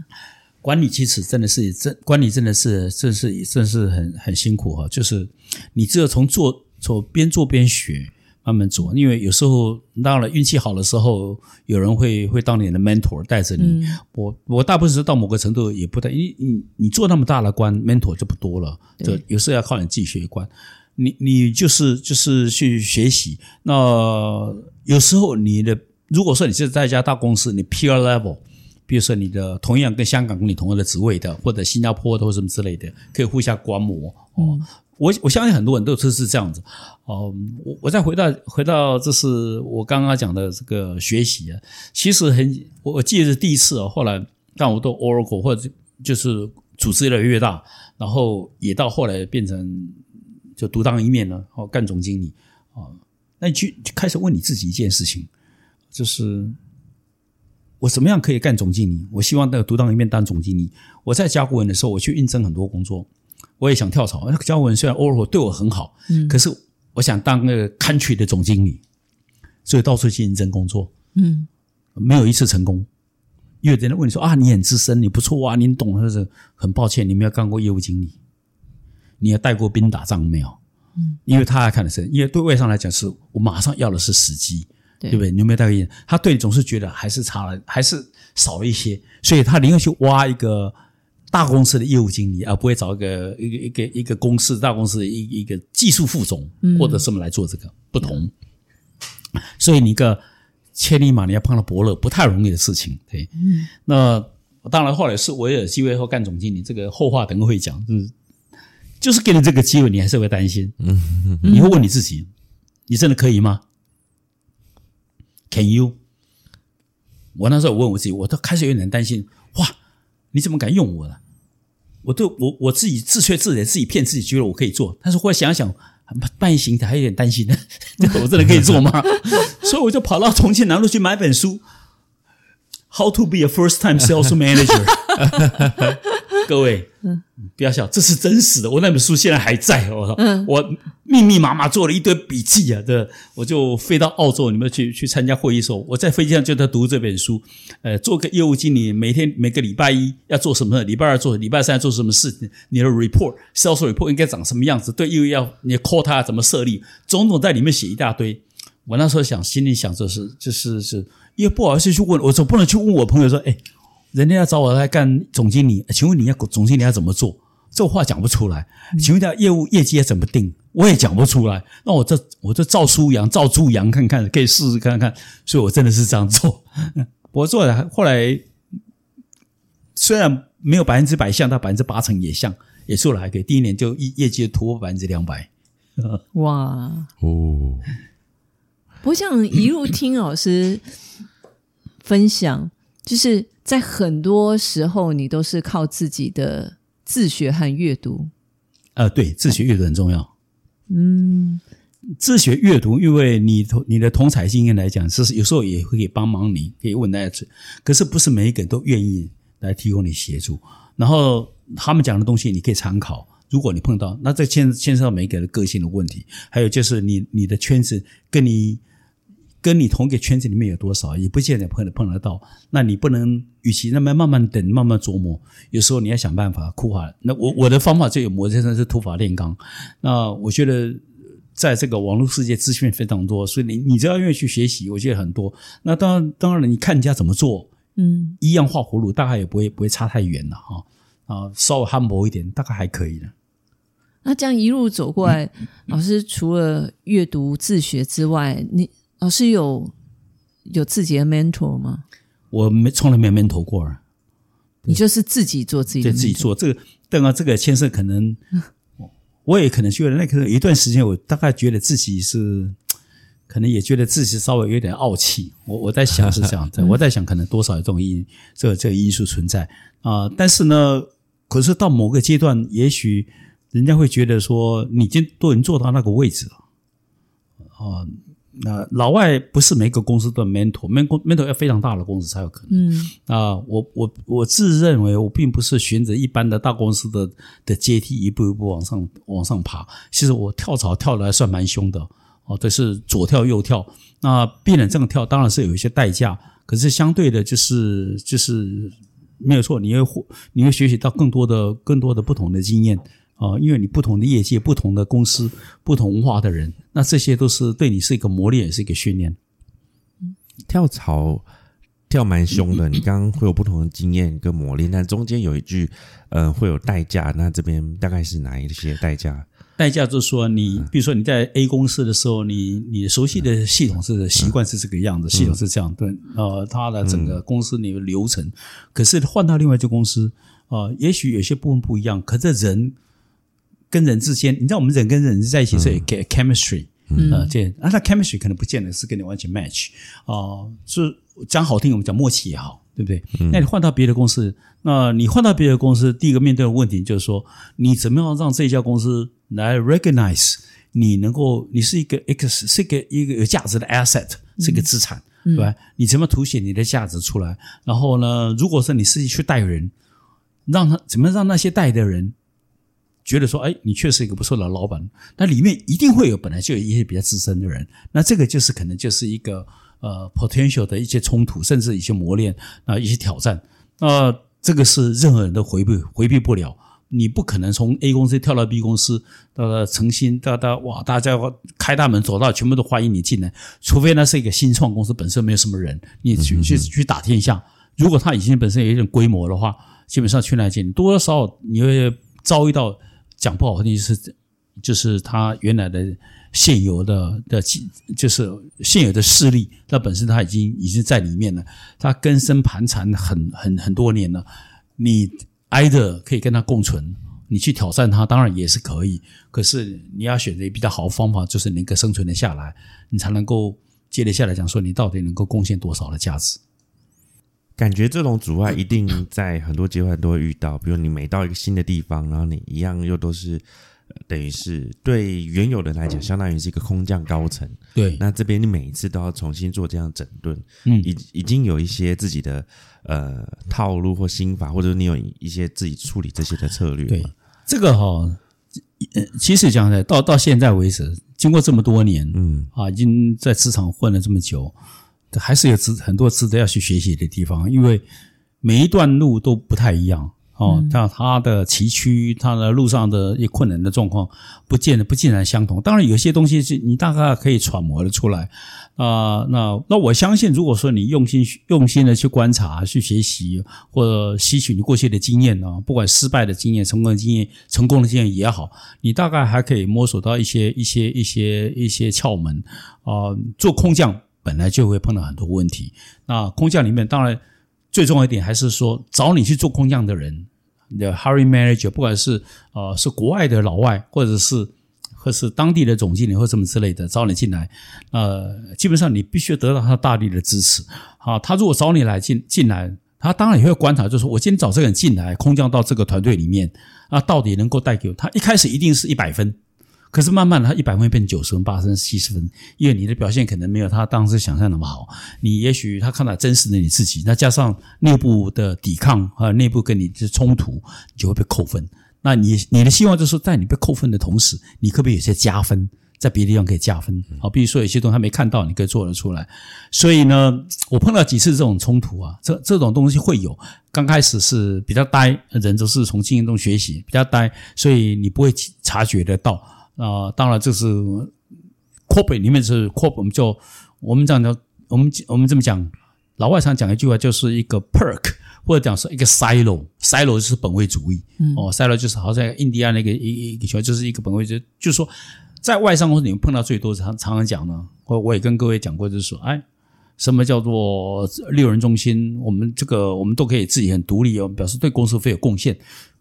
管理其實真的是，真管理真的是，真的是真的是很很辛苦啊，就是你只有從做從邊做邊學。慢慢做，因為有時候當然了運氣好的時候，有人會會當你的 mentor 帶着你。嗯、我我大部分是到某個程度也不太，因為你你你做那麼大的官，mentor 就不多了，對，有時候要靠你自己學一官。你你就是就是去學習。那有時候你的如果說你是在一家大公司，你 peer level，比如說你的同樣跟香港跟你同樣的職位的，或者新加坡的或者什麼之類的，可以互相觀摩哦。嗯我我相信很多人都都是這樣子，哦，我我再回到回到，這是我剛剛講的這個學習啊。其實很，我我記得第一次啊，後來但我都 Oracle 或者就是組織越來越大，然後也到後來變成就獨當一面了，哦，幹總經理啊。Uh, 那你就，就開始問你自己一件事情，就是我怎麼樣可以幹總經理？我希望那個獨當一面當總經理。我在甲骨文的時候，我去應徵很多工作。我也想跳槽。那個江文雖然 overall 對我很好，嗯，可是我想當那個 Country 的總經理，所以到處去競爭工作，嗯，沒有一次成功。因為別人問你說啊，你很資深，你不錯啊，你懂，就是，很抱歉，你沒有幹過業務經理，你也帶過兵打仗沒有？嗯，因為他還看得深，因為對外商來講，是我馬上要的是時機，對不對？你有沒有帶過兵？他對你總是覺得還是差了，還是少一些，所以他寧願去挖一個。大公司的業務經理，而、啊、不會找一個一個一個一個公司大公司的一個一個技術副總、嗯、或者什麼來做這個不同、嗯。所以你一個千里馬，你要碰到伯樂，不太容易的事情。對，嗯、那當然後來是我也有機會後幹總經理，這個後話等會會講。就是就是給你這個機會，你還是會擔心、嗯。你會問你自己，你真的可以嗎？Can you？我那時候問我自己，我都開始有點擔心。哇，你怎麼敢用我了、啊？我都我我自己自吹自擂，自己騙自己，覺得我可以做。但是後來想想，半夜醒來還有點擔心呢，我真的可以做嗎？ 所以我就跑到重慶南路去買本書，《How to be a first-time sales manager。 》 各位、嗯嗯，不要笑，這是真實的。我那本書現在還在，我、嗯、我。密密麻麻做了一堆筆記啊！對，我就飛到澳洲，你們去去參加會議的時候，我在飛機上就在讀這本書。呃，做個業務經理，每天每個禮拜一要做什麼，禮拜二做，禮拜三做什麼事情？你的 report，銷售 report 應該長什麼樣子？對又要你 call 他怎麼設立？種種在裡面寫一大堆。我那時候想，心裡想就是就是是，因為不好意思去問，我總不能去問我朋友說：“哎，人家要找我來幹總經理，請問你要總經理要怎麼做？”這話講不出來。請問他業務業績要怎麼定？我也講不出來，那我這我這照書養，照豬養看看，可以試試看看。所以，我真的是這樣做。我做了，後來雖然沒有百分之百像，但百分之八成也像，也做了還可以。第一年就業業績就突破百分之兩百。哇哦，哦！哦、不像一路聽老師分享咳咳，就是在很多時候你都是靠自己的自學和閱讀。呃，對，自學閱讀很重要。嗯，自學閱讀，因為你同你的同儕經驗來講，是有時候也會幫忙你，可以問大家去。可是不是每一個人都願意來提供你協助，然後他們講的東西你可以參考。如果你碰到，那這牽牽涉到每一個人個性的問題，還有就是你你的圈子跟你。跟你同一個圈子裡面有多少，也不見得碰得碰得到。那你不能與其那麼慢慢等，慢慢琢磨。有時候你要想辦法哭畫。那我我的方法就有某些是土法煉鋼。那我覺得在這個網絡世界資訊非常多，所以你你只要願意去學習，我覺得很多。那當然當然了，你看人家怎麼做，嗯，一樣畫葫蘆，大概也不會不會差太遠了哈。啊，哦，稍微 humble 一點，大概還可以的。那這樣一路走過來，嗯，老師除了閱讀自學之外，你老師有有自己的 mentor 嗎？我沒從來沒有 mentor 過啊。你就是自己做自己的對，對自己做這個。當然，這個牽涉可能，我也可能覺得那可能一段時間，我大概覺得自己是，可能也覺得自己稍微有點傲氣。我我在想是這樣子，我在想可能多少有這種因這這個因素、這個、存在啊、呃。但是呢，可是到某個階段，也許人家會覺得說，你已經都能做到那個位置了，啊、呃。那老外不是每個公司都有 mentor，mentor mentor 要非常大的公司才有可能。嗯，啊，我我我自、自認為我並不是循着一般的大公司的的階梯一步一步往上往上爬。其實我跳槽跳得還算蠻凶的，哦，這是左跳右跳。那避免這樣跳，當然是有一些代價，可是相對的就是就是沒有錯，你會你會學習到更多的更多的不同的經驗。呃，因為你不同的業界、不同的公司、不同文化的人，那這些都是對你是一個磨練，也是一個訓練。跳槽跳蠻兇的，你剛剛會有不同的經驗跟磨練，那中間有一句，呃，會有代價。那這邊大概是哪一些代價？代價就是說你，你比如說你在 A 公司的時候，你你熟悉的系統是習慣是這個樣子，系統是這樣，對，呃，他的整個公司裡的流程、嗯。可是換到另外一家公司，啊、呃，也許有些部分不一樣，可是人。跟人之間，你知道我們人跟人在一起是給 chemistry、嗯嗯呃、啊，這，那他 chemistry 可能不見得是跟你完全 match 啊、呃，是講好聽我們講默契也好，對不對？嗯，那，那你換到別的公司，那你換到別的公司，第一個面對的問題就是說，你怎麼樣讓這家公司來 recognize 你能夠，你是一個 x，是一個，是一個，一個有價值的 asset，是一個資產、嗯，對吧？你怎麼凸顯你的價值出來？然後呢，如果是你是去帶人，讓他怎麼讓那些帶的人？覺得說，哎，你確實是一個不錯的老闆，那裡面一定會有本來就有一些比較資深的人，那這個就是可能就是一個呃 potential 的一些衝突，甚至一些磨練啊、呃，一些挑戰，那、呃、這個是任何人都回避回避不了，你不可能從 A 公司跳到 B 公司到到成新到到、呃、哇，大家開大門走道，全部都歡迎你進來，除非那是一個新創公司本身沒有什麼人，你去去去打天下，如果他以前本身有一點規模的話，基本上去哪間多多少少你會遭遇到。講不好聽就是，就是他原來的現有的、的，就是現有的勢力，那本身他已經已經在裡面了，他根深盤纏很很很多年了。你 either 可以跟他共存，你去挑戰他當然也是可以，可是你要選擇比較好的方法，就是能夠生存的下來，你才能夠接着下來講說你到底能夠貢獻多少的價值。感覺這種阻礙一定在很多機會都會遇到，比如你每到一個新的地方，然後你一樣又都是等於是對原有人來講，相當於是一個空降高層。對，那這邊你每一次都要重新做這樣整頓。嗯，已已經有一些自己的呃套路或心法，或者你有一些自己處理這些的策略。對，這個哈、哦，其實講的到到現在為止，經過這麼多年，嗯啊，已經在市場混了這麼久。還是有值很多值得要去學習的地方，因為每一段路都不太一樣哦。那它的崎嶇，它的路上的一些困難的狀況，不見得不盡然相同。當然，有些東西是你大概可以揣摩得出來啊。那那我相信，如果說你用心用心的去觀察、去學習，或者吸取你過去的經驗啊，不管失敗的經驗、成功的經驗、成功的經驗也好，你大概還可以摸索到一些一些一些一些竅門啊、呃。做空降，本來就會碰到很多問題。那空降裡面當然最重要一點還是說，找你去做空降的人，你的 hiring manager，不管是啊是國外的老外，或者是或者是當地的總經理或什麼之類的，找你進來，呃，基本上你必須得到他大力的支持。好，他如果找你來進進來，他當然也會觀察，就是我今天找這個人進來，空降到這個團隊裡面啊，到底能夠帶給我？他一開始一定是一百分。可是慢慢他一百分會變九十分、八十分、七十分，因為你的表現可能沒有他當時想象那麼好。你也許他看到真實的你自己，那加上內部的抵抗還有內部跟你的衝突，你就會被扣分。那你你的希望就是說在你被扣分的同時，你可不可以有些加分，在別的地方可以加分？好，比如說有些東西他沒看到，你可以做得出來。所以呢，我碰到幾次這種衝突啊，這這種東西會有。剛開始是比較呆，人都是從經驗中學習，比較呆，所以你不會察覺得到。啊、呃，當然這、就是擴本，裡面就是我本，叫我們講的，我們，我們，我，們我們這麼講，老外常講一句話，就是一個 perk，或者講是一個 silo，silo、嗯、silo 就是本位主義。哦、嗯、silo 就是好像印第安那個一一個什麼就是一個本位主義，就就是說，在外商公司裡面碰到最多，常常常講呢，我我也跟各位講過，就是說，哎，什麼叫做六人中心？我們這個我們都可以自己很獨立哦，我們表示對公司會有貢獻。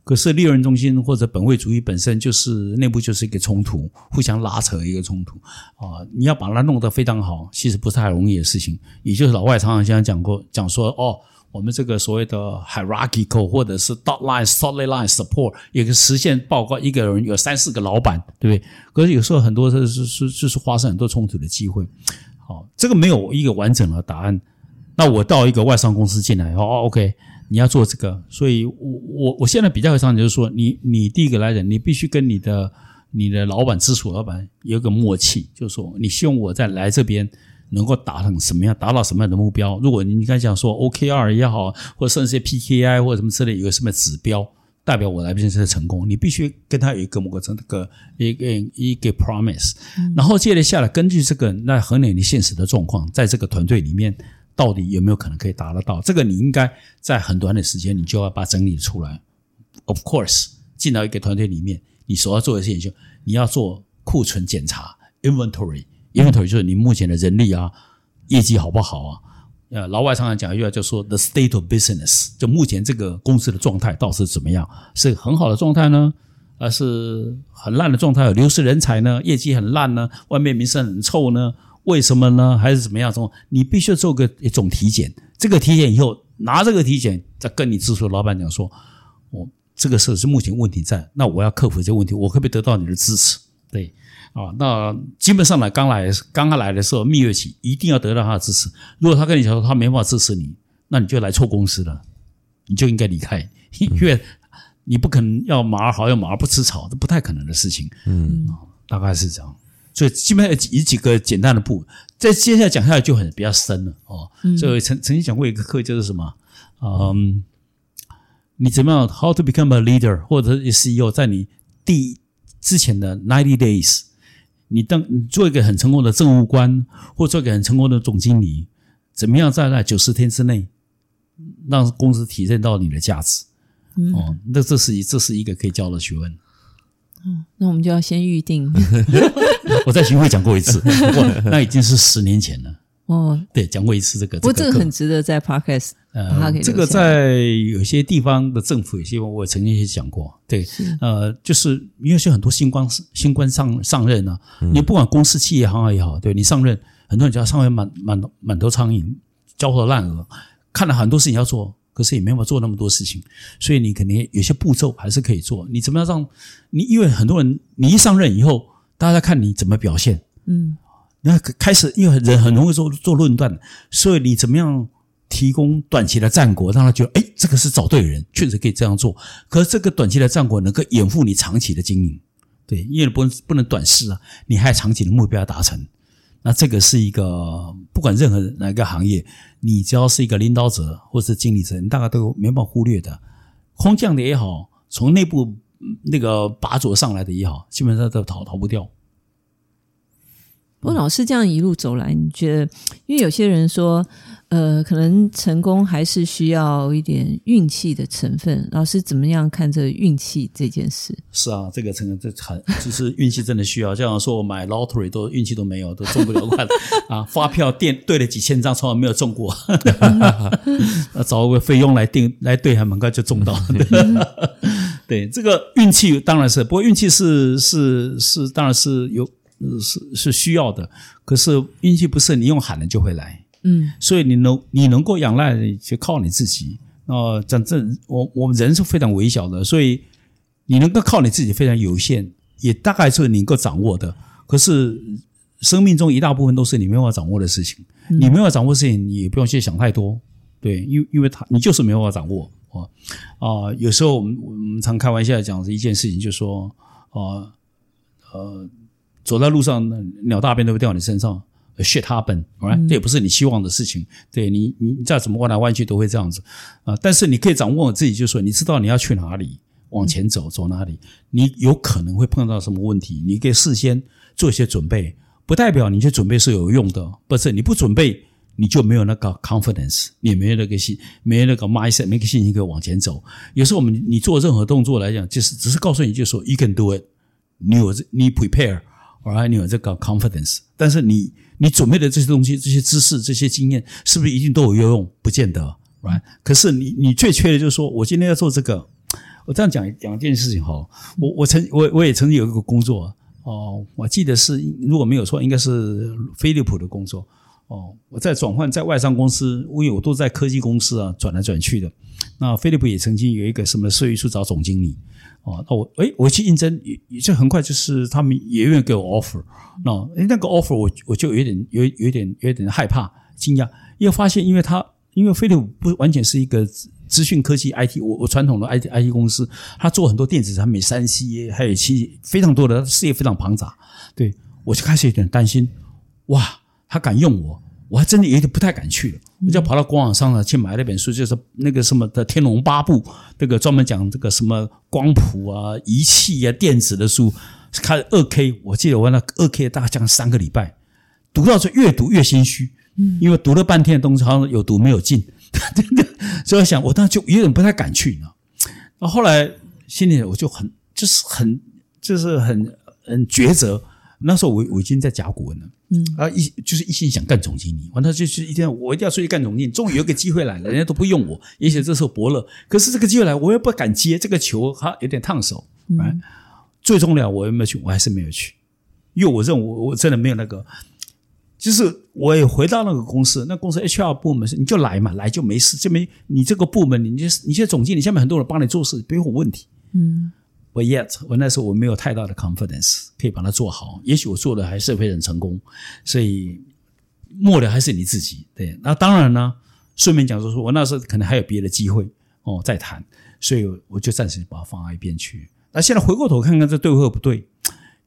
可是，利潤中心或者本位主義本身就是內部就是一個衝突，互相拉扯一個衝突啊！你要把它弄得非常好，其實不是太容易的事情。也就是老外常常講過，講說哦，我們這個所謂的 hierarchical 或者是 dot line solid line support，也可以實現報告一個人有三四個老闆，對不對？可是有時候很多是是是就是發生、就是、很多衝突的機會。好、啊，這個沒有一個完整的答案。那我到一個外商公司進來哦，OK。你要做這個，所以我我我現在比較常就是說，你你第一個來人，你必須跟你的你的老板、直屬老板有個默契，就是說，你希望我在來這邊能夠達成什麼樣、達到什麼樣的目標。如果你剛才講說 OKR 也好，或者甚至 PKI 或者什麼之類，有個什麼指標代表我來這邊是成功，你必須跟他有一個某個這個,個一個一個 promise、嗯。然後接著下來根據這個那衡量你現實的狀況，在這個團隊裡面。到底有沒有可能可以達得到？這個你應該在很短的時間，你就要把整理出來。Of course，進到一個團隊裡面，你所要做的事情就，你要做庫存檢查 （inventory）。Inventory 就是你目前的人力啊，業績好不好啊？呃，老外常常講一句話，就說 “the state of business”，就目前這個公司的狀態到底是怎麼樣？是很好的狀態呢，而是很爛的狀態？有流失人才呢？業績很爛呢？外面名聲很臭呢？為什麼呢？還是怎麼樣？說你必須做個一種體檢，這個體檢以後拿這個體檢再跟你直屬老闆講說，我這個事是目前問題在，那我要克服這個問題，我可不可以得到你的支持？對，啊、哦，那基本上呢，剛來，剛剛來的時候，蜜月期一定要得到他的支持。如果他跟你講說他沒法支持你，那你就來錯公司了，你就應該離開，因為你不可能要馬兒好要馬兒不吃草，這不太可能的事情。嗯、哦，大概是這樣。所以基本上有幾個簡單的步驟，在接下來講下來就很比較深了哦。所以曾曾經講過一個課，就是什麼，嗯，你怎麼樣？How to become a leader，或者是 CEO，在你第之前的90 days，你當你做一個很成功的政務官，或做一個很成功的總經理，怎麼樣在那九十天之內讓公司體現到你的價值？嗯、哦，那這是一這是一個可以教的學問。嗯，那我們就要先預定。 我在巡迴講過一次， 不過那已經是十年前了。哦，對，講過一次這個，不、這個、不這個很值得在 Podcast。嗯。呃，這個在有些地方的政府，有些我也曾經也講過。對，呃，就是因為是很多新官新官上上任啊，嗯，你不管公司、企業也好也好，對你上任，很多人叫上任滿滿滿頭蒼蠅，焦頭爛額，看了很多事情要做。可是也沒法做那麼多事情，所以你肯定有些步驟還是可以做。你怎麼樣讓？你因為很多人，你一上任以後，大家看你怎麼表現，嗯，那開始因為人很容易做做論斷，所以你怎麼樣提供短期的戰果，讓他覺得哎、欸，這個是找對人，確實可以這樣做。可是這個短期的戰果能夠掩護你長期的經營，對，因為不不能短視啊，你還有長期的目標達成。那這個是一個，不管任何哪個行業，你只要是一個領導者或者是經理者，你大概都沒辦法忽略的。空降的也好，從內部那個拔擢上來的也好，基本上都逃逃不掉。不過老師這樣一路走來，你覺得？因為有些人說。呃，可能成功還是需要一點運氣的成分。老師怎麼樣看這運氣這件事？是啊，這個成功這很就是運氣真的需要。 像說，我買 lottery 都運氣都沒有，都中不了款 啊！發票墊對了幾千張，從來沒有中過。 找個費用來定， 來對，還很快就中到。對， 對這個運氣當然是，不過運氣是是是，當然是有是是需要的。可是運氣不是你用喊了就會來。嗯，所以你能你能夠仰賴就靠你自己哦。呃，真正我我們人是非常微小的，所以你能夠靠你自己非常有限，也大概是你能夠掌握的。可是生命中一大部分都是你沒有辦法掌握的事情，你沒有辦法掌握的事情，你也不用去想太多。對，因因為他你就是沒有辦法掌握。啊、呃、啊，有時候我們我們常開玩笑講的一件事情就是，就說啊呃，走在路上鳥大便都會掉你身上。shit happen，right？Mm-hmm. 這也不是你希望的事情，對你，你你再怎麼彎來彎去都會這樣子啊。但是你可以掌握我自己，就是說你知道你要去哪裡，往前走，走哪裡。你有可能會碰到什麼問題，你可以事先做一些準備。不代表你去準備是有用的，不是你不準備你就沒有那個 confidence，你也沒有那個信，沒那個 mindset，沒那個信心可以往前走。有時候我們你做任何動作來講，就是只是告訴你就是說，you can do it，你有你 prepare。All right，你們在搞 confidence，但是你你準備的這些東西、這些知識、這些經驗，是不是一定都有用？不見得，Right？可是你你最缺的就是說，我今天要做這個，我這樣講講一,一件事情哈。我我曾我我也曾經有一個工作哦，我記得是如果沒有錯，應該是飛利浦的工作哦。我在轉換在外商公司，因為我都在科技公司啊轉來轉去的。那飛利浦也曾經有一個什麼秘書處找總經理。哦，那我誒、欸，我去應徵，也也就很快就是他們也願意給我 offer，那那個 offer 我我就有點有有點有點害怕驚訝，因為發現因為他因為飛利浦不完全是一個資訊科技 IT，我我傳統的 IT IT 公司，他做很多電子，產品、三 C，還有其非常多的事業非常龐雜，對我就開始有點擔心，哇，他敢用我，我還真的有點不太敢去了。我就跑到官網上了去買了本書，就是那個什麼的《天龍八部》，這個專門講這個什麼光譜啊、儀器啊、電子的書。看二 K，我記得我那二 K 大概講三個禮拜，讀到就越讀越心虛，因為讀了半天的東西好像有讀沒有進，真的，所以我想我當時就有點不太敢去那後，後來心裡我就很就是很就是很很抉擇。那時候我我已經在甲骨文了，啊、嗯、一就是一心想幹總經理，完了就是一天我一定要出去幹總經理，終於有一個機會來了，人家都不用我，也許這時候伯樂，可是這個機會來我又不敢接，這個球哈有點燙手，嗯、最終了我又沒有去，我還是沒有去，因為我認為我真的沒有那個，就是我也回到那個公司，那公司 HR 部門你就來嘛，來就沒事，就沒你這個部門，你就是你現在總經理下面很多人幫你做事，不會有問題，嗯。But yet，我那時候我沒有太大的 confidence 可以把它做好。也許我做的還是非常成功，所以末了還是你自己對。那當然呢，順便講說，說，說我那時候可能還有別的機會哦，再談。所以我就暫時把它放到一邊去。那、啊、現在回過頭看看，這對或不對，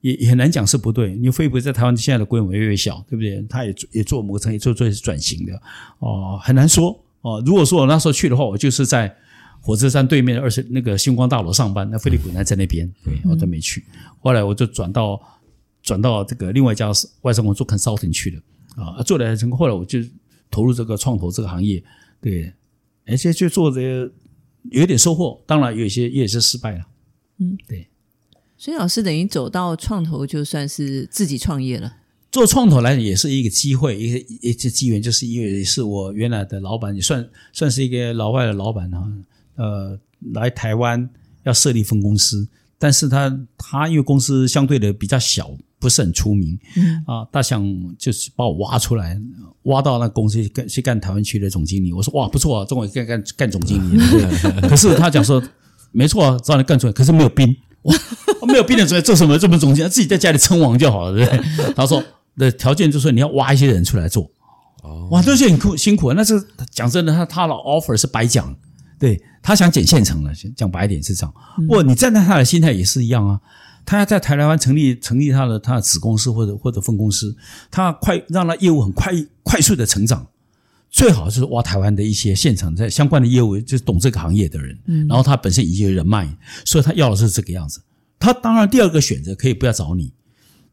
也也很難講是不對。你飛博在台灣現在的規模越來越小，對不對？他也也做某個成，也做也做是轉型的哦，很難說哦。如果說我那時候去的話，我就是在。火車站對面的二十那個星光大樓上班，那飛利浦還在那邊，嗯，我都沒去。後來我就轉到轉到這個另外一家外商公司做 consulting 去了啊，做的成功。後來我就投入這個創投這個行業，對，而、欸、且就做這有點收穫，當然有一些也是失敗了。嗯，對。孫老師等於走到創投，就算是自己創業了。做創投來也是一個機會，一個一次機緣，就是因為是我原來的老闆，也算算是一個老外的老闆啊。呃，來台灣要設立分公司，但是他他因為公司相對的比較小，不是很出名，啊，他想就是把我挖出來，挖到那公司去幹，去幹台灣區的總經理。我說哇，不錯啊，終於幹幹幹總經理 可是他講說， 沒錯、啊，找你幹出來，可是沒有兵，哇，沒有兵的人做做什麼？做不成總經理，自己在家裡稱王就好了，對不 對？他說的條件就是你要挖一些人出來做，哦、哇，都是很苦辛苦啊。那是講真的，他他的 offer 是白講。對他想撿現成的，講白一點是這樣，嗯。不過你站在他的心態也是一樣啊，他要在台灣成立成立他的他的子公司或者或者分公司，他快讓他業務很快快速的成長，最好就是挖台灣的一些現場在相關的業務就是懂這個行業的人，然後他本身已經有人脈，所以他要的是這個樣子。他當然第二個選擇可以不要找你，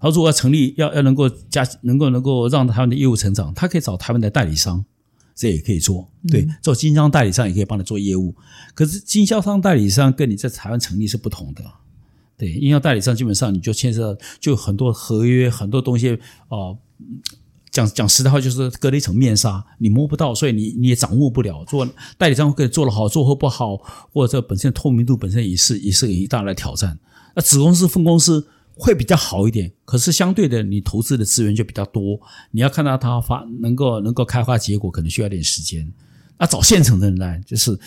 他如果要成立要要能夠加能夠能夠讓他們的業務成長，他可以找台灣的代理商。這也可以做，對，做經銷商代理商，也可以幫你做業務。可是經銷商代理商跟你在台灣成立是不同的，對，因為代理商基本上你就牽涉到就很多合約、很多東西哦、呃。講講實在話，就是隔了一層面紗，你摸不到，所以你你也掌握不了。做代理商，可以做得好，做得不好，或者本身透明度本身也是也是一大的挑戰。那子公司、分公司。會比較好一點，可是相對的，你投資的資源就比較多，你要看到它發能夠能夠開花結果，可能需要點時間。那找現成的人呢？就是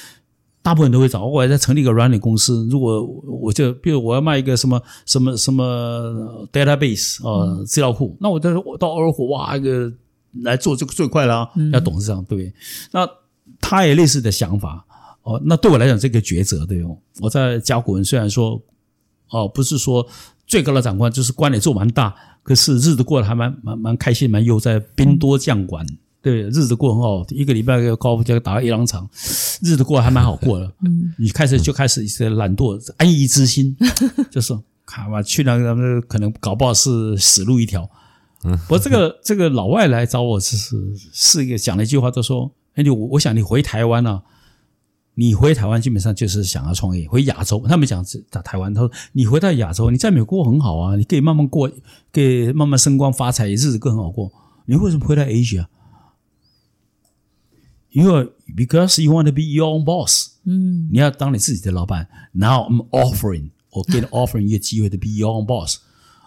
大部分都會找。哦、我還在成立一個軟體公司，如果我就比如我要賣一個什麼什麼什麼 database 啊、哦、資料庫，嗯、那我到我到 Oracle 挖一個來做這個最快了，嗯、要董事長對不對？那他也類似的想法哦。那對我來講，這個抉擇對喲、哦，我在甲骨文雖然說哦，不是說。最高的長官，就是官也做蠻大，可是日子過得還蠻蠻蠻開心，蠻悠哉。兵多將廣，嗯、對，日子過很好。一個禮拜要高就打到一兩場，日子過得還蠻好過的。嗯、你開始就開始一些懶惰、安逸之心，嗯、就說看吧，去那個可能搞不好是死路一條。嗯，不過這個、嗯、這個老外來找我、就是是一個講了一句話，就說：“哎、欸，你我，我想你回台灣啊。你回台灣基本上就是想要創業，回亞洲。他們講在台灣，他說你回到亞洲，你在美國很好啊，你可以慢慢過，可以慢慢升官發財，日子更很好過。你為什麼回到 Asia？因為 because you want to be your own boss，嗯，你要當你自己的老闆。Now I'm offering，我 get offering 一個機會 to be your own boss。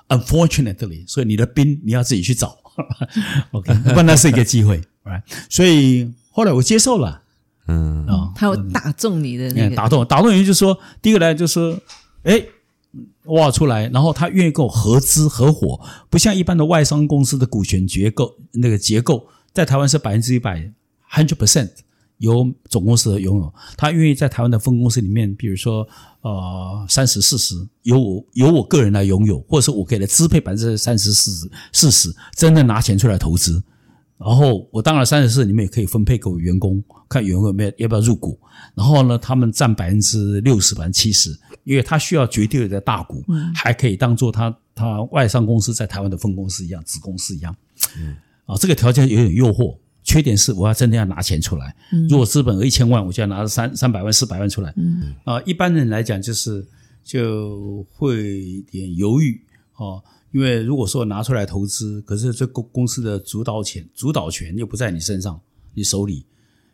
Unfortunately，所以你的兵你要自己去找。 OK， 不過那是一個機會，right？所以後來我接受了。嗯啊，他會打中你的那個、嗯、打動，打動原因就是說，第一個呢就是說，哎，挖出來，然後他願意跟我合資合夥，不像一般的外商公司的股權結構那個結構，在台灣是百分之一百，hundred percent 由總公司的擁有，他願意在台灣的分公司裡面，比如說呃，三十、四十，由我由我個人來擁有，或者是我給他支配百分之三十、四十、四十，真的拿錢出來投資。然後我當了三十四，你們也可以分配給我員工，看員工有沒有要不要入股。然後呢，他們占百分之六十、百分之七十，因為他需要絕對的大股，嗯、還可以當做他他外商公司在台灣的分公司一樣、子公司一樣、嗯。啊，這個條件有點誘惑，缺點是我要真的要拿錢出來。嗯、如果資本額一千萬，我就要拿三三百萬、四百萬出來、嗯。啊，一般人來講就是就會有點猶豫啊。因為如果說拿出來投資，可是這公公司的主導權主導權又不在你身上、你手裡，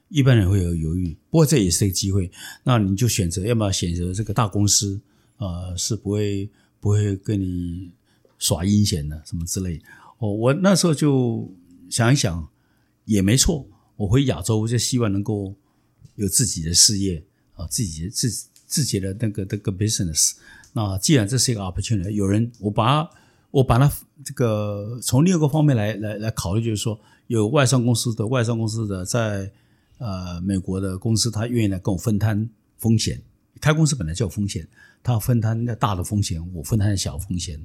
一般人會有猶豫。不過這也是一個機會，那你就選擇，要麼選擇這個大公司，呃，是不會不會跟你耍陰險的什麼之類。哦，我那時候就想一想，也沒錯。我回亞洲，我就希望能夠有自己的事業啊、呃，自己自自己的那個那個 business。那既然這是一個 opportunity，有人，我把。我把它這個從另一個方面來來來考慮，就是說有外商公司的外商公司的在呃美國的公司，他願意來跟我分攤風險。開公司本來就有風險，他分攤那大的風險，我分攤小的風險。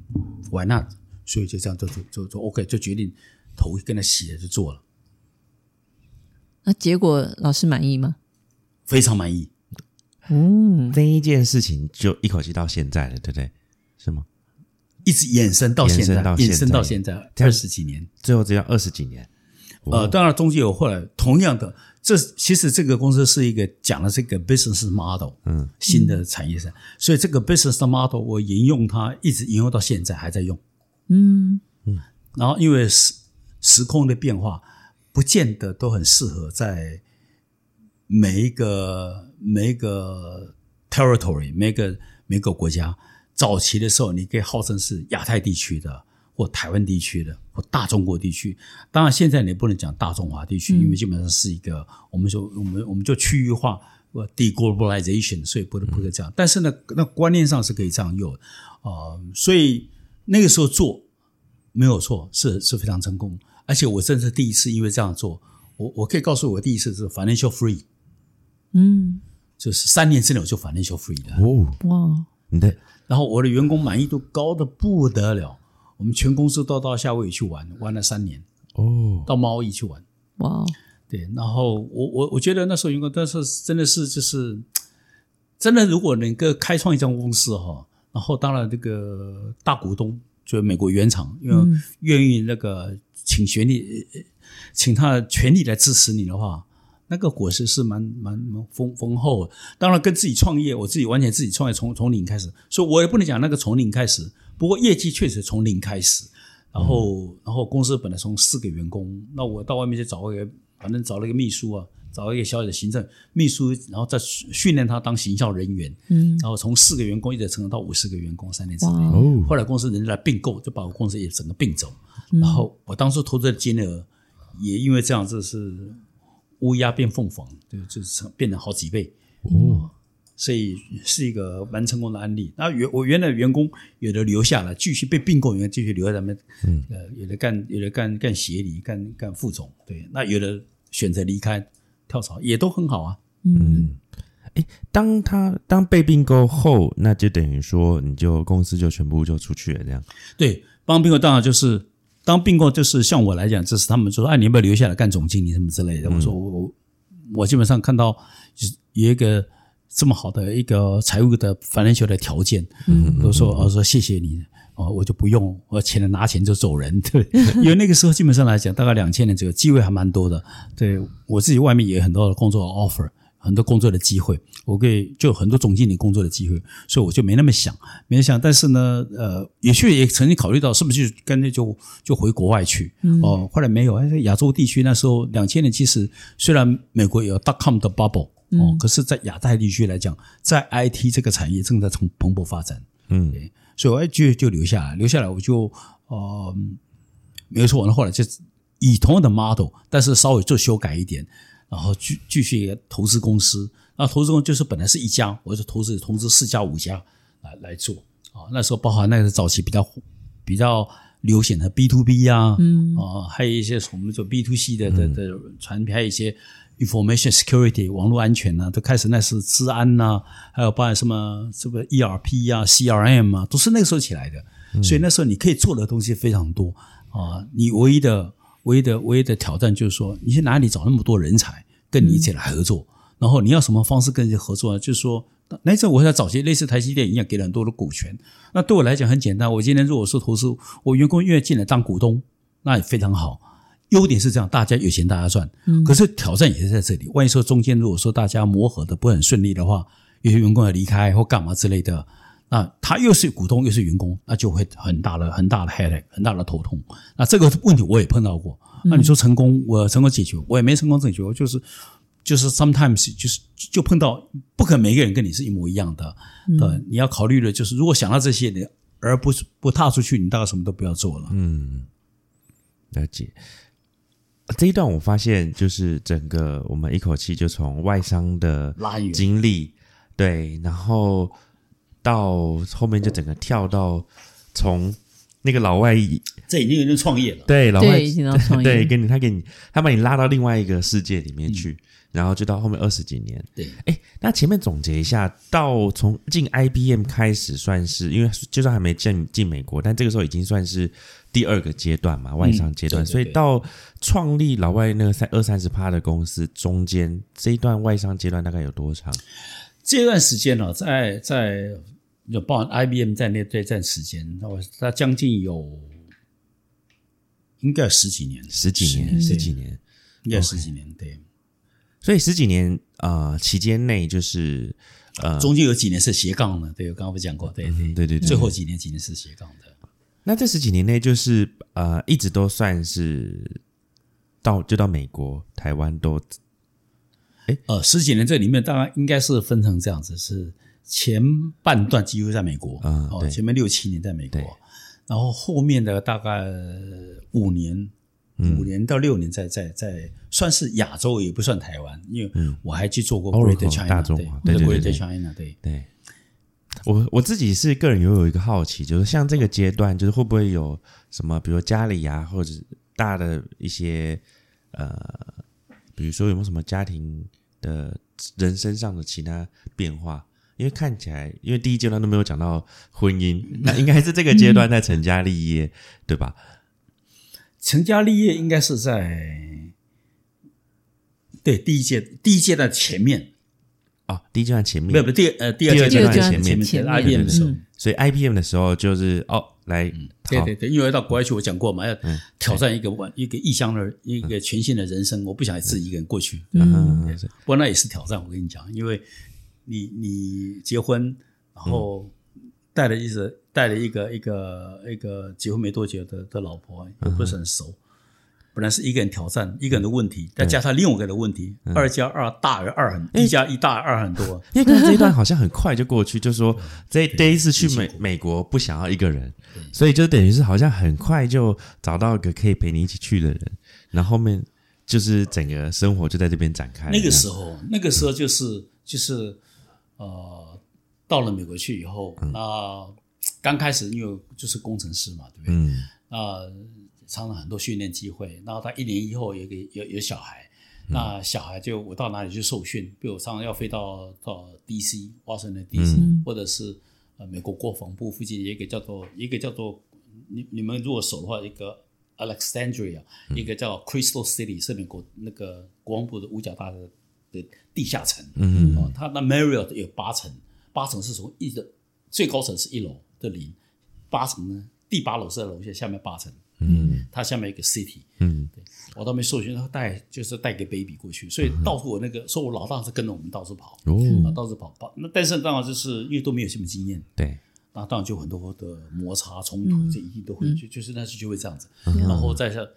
Why not？那，所以就這樣就就就就 OK，就決定投跟他洗了就做了。那結果老師滿意嗎？非常滿意。嗯，第一件事情就一口氣到現在了，對不對？是嗎？一直延伸到現在，延伸到現在，到現在二十幾年，最後只有二十幾年。呃，哦、當然中間有後來同樣的，這其實這個公司是一個講了這個 business model，嗯，新的產業上、嗯，所以這個 business model 我沿用它一直沿用到現在還在用，嗯嗯。然後因為時時空的變化，不見得都很適合在每一個每一個 territory，每個每個國家。早期的時候，你可以號稱是亞太地區的，或台灣地區的，或大中國地區。當然，現在你不能講大中華地區，嗯、因為基本上是一個我們說我們我們就區域化，我 deglobalization，所以不能不能這樣、嗯。但是呢，那觀念上是可以這樣用。呃，所以那個時候做沒有錯，是是非常成功。而且我真的是第一次因為這樣做，我我可以告訴你我第一次是 financial free。嗯，就是三年之內我就 financial free 的。哦，哇，你的。然後我的員工滿意度高得不得了，我們全公司都到夏威夷去玩，玩了三年哦。到毛伊去玩，哇，對。然後我我我覺得那時候員工，但是真的是就是，真的如果能夠開創一家公司哈，然後當然這個大股東就是美國原廠，因為願意那個請全力請他全力來支持你的話。那個果實是蠻蠻蠻豐豐厚的，當然跟自己創業，我自己完全自己創業從從零開始，所以我也不能講那個從零開始，不過業績確實從零開始。然後、嗯，然後公司本來從四個員工，那我到外面去找一個，反正找了一個秘書啊，找一個小小的行政秘書，然後再訓練他當行銷人員。嗯。然後從四個員工一直成長到五十個員工三年之內，哦。後來公司人家來併購，就把我公司也整個併走。嗯、然後我當初投資的金額，也因為這樣子是。烏鴉變鳳凰，這就是成變了好幾倍哦、嗯，所以是一個蠻成功的案例。那原我原來的員工有的留下來繼續被併購，然後繼續留在那邊，嗯，呃，有的幹有的幹幹協理，幹幹副總，對，那有的選擇離開跳槽，也都很好啊。嗯，哎、嗯欸，當他當被併購後，那就等於說你就公司就全部就出去了這樣。對，幫併購當然就是。當併購就是像我來講，就是他們就說：“哎、啊，你要不要留下來幹總經理什麼之類的？”我、嗯、說：“我我基本上看到就是有一個這麼好的一個財務的反 i n 的條件，嗯、都說哦說謝謝你哦，我就不用，我錢拿錢就走人，對，因為那個時候基本上來講，大概兩千年左右機會還蠻多的。對我自己外面也有很多的工作 offer。”很多工作的機會，我可以就很多總經理工作的機會，所以我就沒那麼想，沒想。但是呢，呃，也去也曾經考慮到是不是就乾脆就就回國外去，哦、呃，後來沒有。亞洲地區那時候兩千年其實雖然美國有 dotcom 的 bubble，哦、呃，可是在亞太地區來講，在 IT 這個產業正在從蓬勃發展。嗯，對，所以我就就留下來，留下來我就呃，沒錯。那後來就以同樣的 model，但是稍微做修改一點。然後繼繼續投資公司，那投資公司就是本來是一家，我就投資投資四家五家來來做啊。那時候包含那個早期比較比較流行的 B to B 啊，嗯，啊還有一些我們做 B to C 的的的傳媒、嗯，還有一些 information security 網絡安全啊，都開始那是資安啊，還有包含什麼什麼 ERP 啊、CRM 啊，都是那個時候起來的。嗯、所以那時候你可以做的東西非常多啊，你唯一的。唯一的唯一的挑戰就是說，你去哪裡找那麼多人才跟你一起來合作，嗯。然後你要什麼方式跟人家合作呢？就是說，那這我要找些類似台積電一樣，給了很多的股權。那對我來講很簡單，我今天如果說投資，我員工願意進來當股東，那也非常好。優點是這樣，大家有錢大家賺。嗯，可是挑戰也是在這裡。萬一說中間如果說大家磨合的不很順利的話，有些員工要離開或幹嘛之類的。那他又是股東又是員工，那就會很大的很大的 headache，很大的頭痛。那這個問題我也碰到過。那你說成功，我成功解決，我也沒成功解決，我就是就是 sometimes 就是就碰到，不可能每個人跟你是一模一樣的。嗯，對，你要考慮的就是，如果想到這些，你而不是不踏出去，你大概什麼都不要做了。嗯，了解。這一段我發現，就是整個我們一口氣就從外商的經歷，對，然後。到後面就整個跳到從那個老外，這已經有點創業了。對，對老外 對，給你他給你他把你拉到另外一個世界裡面去，嗯、然後就到後面二十幾年。對，哎，那前面總結一下，到從進 I B M 開始，算是因為就算還沒進進美國，但這個時候已經算是第二個階段嘛，外商階段。嗯、對對對，所以到創立老外那個三二三十趴的公司中間，這一段外商階段大概有多長？這段時間呢、哦，在在就包含 IBM 在那對戰時間，那我他將近有應該有十幾年，十幾年、嗯、十幾年，應該有十幾年。對，所以十幾年啊、呃、期間內，就是呃，中間有幾年是斜槓的，對，我剛剛不講過，對、嗯、對對對，最後幾年幾年是斜槓的。嗯、那這十幾年內，就是呃，一直都算是到就到美國、台灣都。哎，呃，十幾年這裡面大概應該是分成這樣子：是前半段幾乎在美國，哦、嗯，前面六七年在美國，然後後面的大概五年，嗯、五年到六年在在在算是亞洲，也不算台灣，因為我還去做過 Great、嗯、China 對對，對對對，Great China, 對對我我自己是個人有一個好奇，就是像這個階段，就是會不會有什麼，比如家裡呀、啊，或者大的一些，呃，比如說有沒有什麼家庭？的人生上的其他變化，因為看起來，因為第一階段都沒有講到婚姻，嗯，那應該是這個階段在成家立業，嗯，對吧？成家立業應該是在，對，第一階第一階段前面。哦，第一階段前面，不不第二呃第二階段前面，IBM 的時候，所以 IBM 的時候就是哦來，對對對，因為到國外去我講過嘛，嗯、要挑戰一個萬一個異鄉的、嗯，一個全新的人生、嗯，我不想自己一個人過去嗯對，嗯，不過那也是挑戰，我跟你講，因為你你結婚，然後帶的意思帶了一個一個一個結婚沒多久的的老婆，又不是很熟。嗯本來是一個人挑戰一個人的問題，再加上另外一個人的問題，嗯、二加二大於二很、欸、一加一大於二很多、啊。因為剛剛這一段好像很快就過去，就是說、嗯、這一第一次去美美國不想要一個人，所以就等於是好像很快就找到一個可以陪你一起去的人，然後，後面就是整個生活就在這邊展開。那個時候、嗯，那個時候就是就是呃，到了美國去以後那剛、嗯、呃、開始因為就是工程師嘛，對不對？嗯啊。呃上了很多訓練機會，然後他一年以後有一個有有小孩，那小孩就我到哪裡去受訓？比如上次要飛到到 DC 華盛頓 DC，、嗯、或者是呃美國國防部附近有一個叫做一個叫做你你們如果熟的話，一個 Alexandria，、嗯、一個叫 Crystal City，是美國那個國防部的五角大樓的,的地下層。嗯,嗯,嗯，他、哦、那 Marriott 有八層，八層是從一的最高層是一樓的零，八層呢，第八樓是在樓下下面八層。嗯，它下面有一個 city，嗯，對，我都沒授權，他帶就是帶個 baby 過去，所以到處我那個、嗯、說我老大是跟着我們到處跑，哦，到處跑跑，那但是當然就是因為都沒有什麼經驗，對，那、啊、當然就很多的摩擦衝突，就、嗯、一定都會、嗯、就就是那就就會這樣子，嗯，然後再是，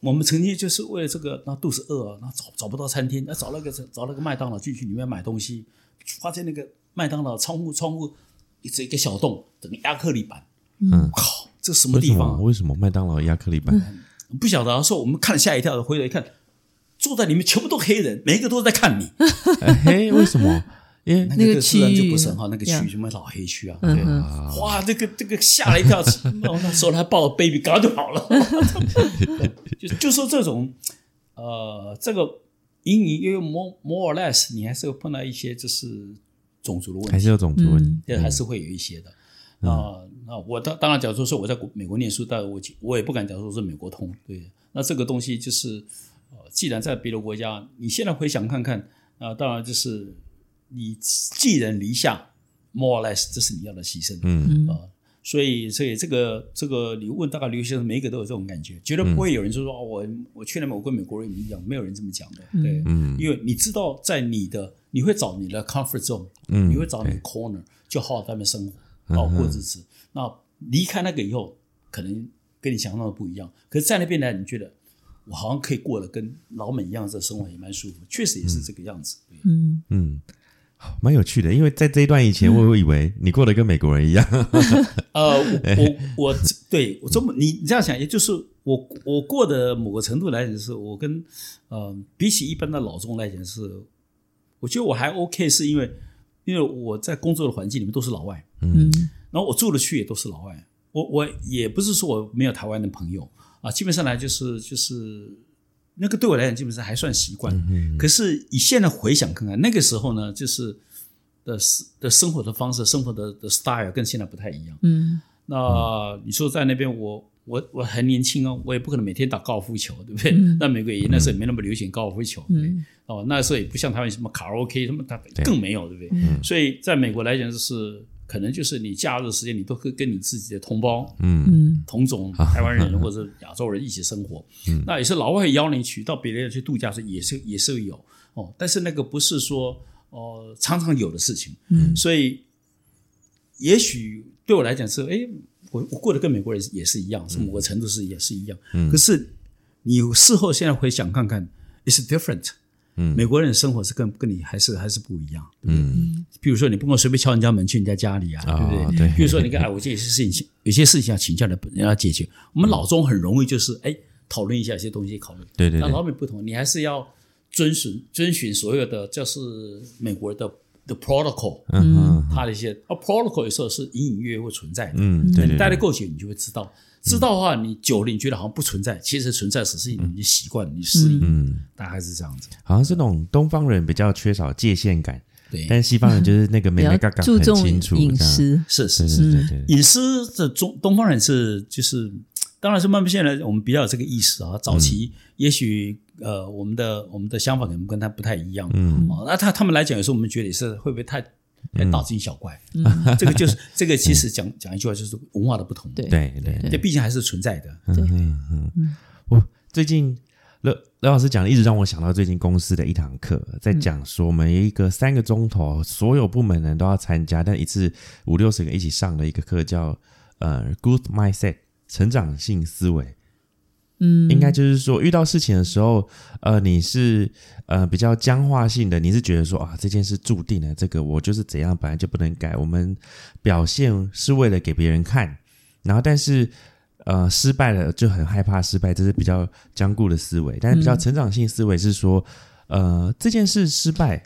我們曾經就是為了這個，那肚子餓、啊，那找找不到餐廳，那找那個找那個麥當勞進去裡面買東西，發現那個麥當勞窗戶窗戶一直一個小洞，整個壓克力板，嗯，靠。這什麼地方？啊，為什麼，為什麼麥當勞亞克力板，嗯？不曉得、啊、說我們看嚇一跳的，回頭一看，坐在裡面全部都黑人，每一個都在看你。 哎、為什麼？因、yeah, 為那個區就，就不是很好，那個區、那個 yeah. 什麼老黑區啊、uh -huh.？哇，這、那個這、那個嚇了一跳！那時候他抱着 baby 剛，剛就好了， 就就說這種呃，這個隱隱約約 more more or less，你還是會碰到一些就是種族的問題，還是有種族問題，也、嗯、還是會有一些的啊。嗯嗯呃啊，我當當然，假如說我在國美國念書，但我我也不敢講說是美國通。對，那這個東西就是，呃，既然在別的國家，你現在回想看看，啊，當然就是你寄人籬下，more or less，這是你要的犧牲。嗯嗯、呃。所以所以這個這個，你問大概留學生每一個都有這種感覺，絕對不會有人就說、嗯哦、我我去那邊我跟美國人一樣，沒有人這麼講的。對，嗯、因為你知道在你的你會找你的 comfort zone，、嗯、你會找你的 corner，、嗯 okay. 就好好在那邊生活，好、嗯、好過日子。那離開那個以後，可能跟你想象的不一樣。可是，在那邊來，你覺得我好像可以過得跟老美一樣的生活，也蠻舒服。確實也是這個樣子嗯、啊。嗯嗯，蠻有趣的。因為在這一段以前，我以為你過得跟美國人一樣。嗯、 呃，我我，我對我這麼你這樣想，也就是我我過的某個程度來講，是我跟、呃、比起一般的老中來講是，我覺得我還 OK，是因為因為我在工作的環境裡面都是老外。嗯。然後我住的區也都是老外，我我也不是說我沒有台灣的朋友啊，基本上來就是就是那個對我來講基本上還算習慣，嗯嗯、可是以現在回想看看那個時候呢，就是的生的生活的方式、生活的的 style 跟現在不太一樣。嗯，那你說在那邊我，我我我很年輕哦，我也不可能每天打高爾夫球，對不對？那、嗯、美國也、嗯、那時候也沒那麼流行高爾夫球，對不對嗯,嗯，哦，那時候也不像台灣什麼卡拉 OK 什麼，它更沒有，對,對,對不對、嗯？所以在美國來講就是。可能就是你假日時間，你都會跟你自己的同胞，嗯嗯，同種台灣人或者亞洲人一起生活，嗯、那也是老外邀你去到別的去度假，是也是也是會有哦，但是那個不是說哦、呃、常常有的事情，嗯，所以也許對我來講是，哎，我我過得跟美國人也是一樣，是某個程度是也是一樣，嗯，可是你事後現在回想看看，it's different。嗯、美國人的生活是跟跟你還是還是不一樣。對對，嗯，比如說你不能隨便敲人家門去人家家裡啊，哦、對不對，對？比如說你看，哎，我有些事情嘿嘿，有些事情要請教的，要解決、嗯。我們老中很容易就是哎討論一下一些東西，考慮。對，對對。但老美不同，你還是要遵循遵循所有的，就是美國的的 protocol，嗯，他的一些、嗯、啊 protocol 有時候是隱隱約約會存在的。嗯，對。待得夠久，你就會知道。知道的話，你久了你覺得好像不存在，嗯、其實存在，只是你習慣、嗯，你適應，大概是這樣子、嗯。好像是那種東方人比較缺少界限感，對。但是西方人就是那個眉眉角角很清楚隱、嗯、私，是是是對對對對是，是。隱私的中東方人是就是，當然是慢慢現在我們比較有這個意識啊。早期也許呃，我們的我們的想法可能跟他不太一樣，嗯。那、啊、他他們來講，有時候我們覺得也是會不會太？致一小怪，嗯嗯，這個就是 這個，其實講、嗯、講一句話，就是文化的不同。對對，這畢竟還是存在的。嗯、對，嗯嗯。我最近劉劉老師講的，一直讓我想到最近公司的一堂課，在講說每一個三個鐘頭，所有部門人都要參加，但一次五六十個一起上的一個課，叫呃 “Good Mindset” 成長性思維。嗯，應該就是說，遇到事情的時候，呃，你是呃比較僵化性的，你是覺得說啊，這件事注定了，這個我就是怎樣，本來就不能改。我們表現是為了給別人看，然後但是呃失敗了就很害怕失敗，這是比較僵固的思維。但是比較成長性思維是說，嗯，呃，這件事失敗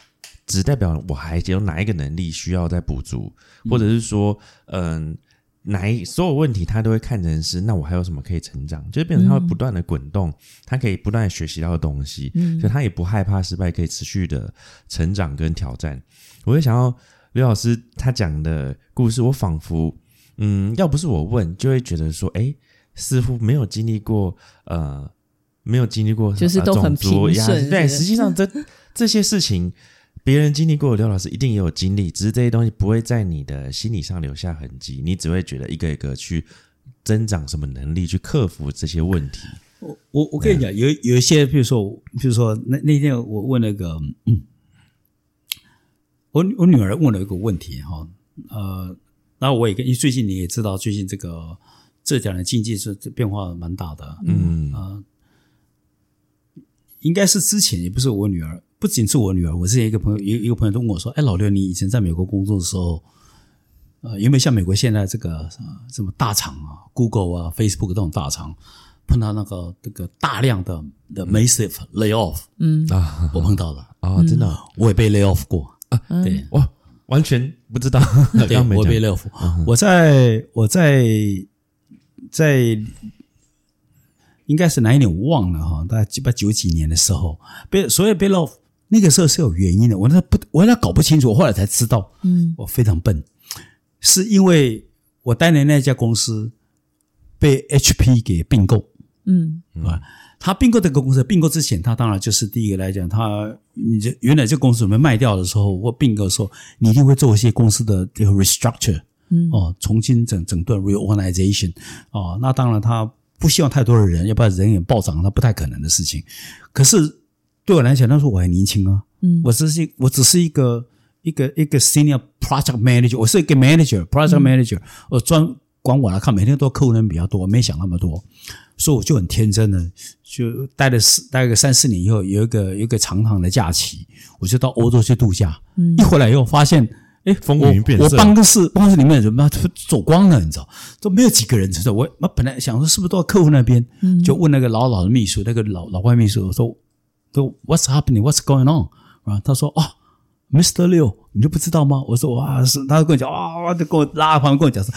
只代表我還有哪一個能力需要再補足，或者是說嗯。呃哪一所有問題他都會看成是那我還有什麼可以成長？就是變成他會不斷的滾動、嗯，他可以不斷學習到的東西、嗯，所以他也不害怕失敗，可以持續的成長跟挑戰。我會想要劉老師他講的故事我，我仿佛嗯，要不是我問，就會覺得說，哎、欸，似乎沒有經歷過呃，沒有經歷過什麼什麼、啊、就是都很平順、啊。對，實際上這 這些事情。別人經歷過，劉老師一定也有經歷，只是這些東西不會在你的心理上留下痕跡，你只會覺得一個一個去增長什麼能力，去克服這些問題。我我我跟你講，嗯、有有一些，比如說，比如說那那天我問那個，嗯、我我女兒問了一個問題哈、哦，呃，那我也跟，你最近你也知道，最近這個浙江的經濟是變化蠻大的，嗯啊、嗯呃，應該是之前也不是我女兒。不僅是我女兒，我之前一個朋友，一一個朋友都問我說：“哎、欸，老劉，你以前在美國工作的時候，呃，有沒有像美國現在這個什麼大廠啊，Google 啊，Facebook 這種大廠碰到那個這個大量的的 massive layoff？嗯啊，我碰到了啊，真、嗯、的，我也被 layoff 過啊、嗯，對，我完全不知道，我也被 layoff，、嗯嗯、我在我在在應該是哪一年我忘了哈，大概九八九幾年的時候被所有被 layoff 那個時候是有原因的，我那不我那搞不清楚，我後來才知道，嗯，嗯，我非常笨，是因為我當年那家公司被 HP 給併購，嗯啊，他併購這個公司，併購之前他當然就是第一個來講，他你這原來這個公司準備賣掉的時候或併購的時候，你一定會做一些公司的 restructure，嗯哦、嗯，重新整整頓 reorganization，哦，那當然他不希望太多的人，要不然人也暴漲，那不太可能的事情，可是。對我來講，那時候我還年輕啊，嗯，我只是我只是一個一個一個 senior project manager，我是一個 manager project manager，嗯，我專管我來看，每天都客戶人比較多，沒想那麼多，所以我就很天真的，就待了四待個三，待了三四年以後，有一個有一個長長的假期，我就到歐洲去度假。嗯，一回來以後發現，誒，風雲變色，我，我辦公室辦公室裡面的人都走光了？你知道，都沒有幾個人在。我我本來想說，是不是到客戶那邊？嗯，就問那個老老的秘書，那個老老外秘書，我說。說 What's happening? What's going on? 然後他說哦，Mr. Liu，你都不知道嗎？我說哇，是，他就跟我講，哇、啊，就跟我拉旁邊跟我講說，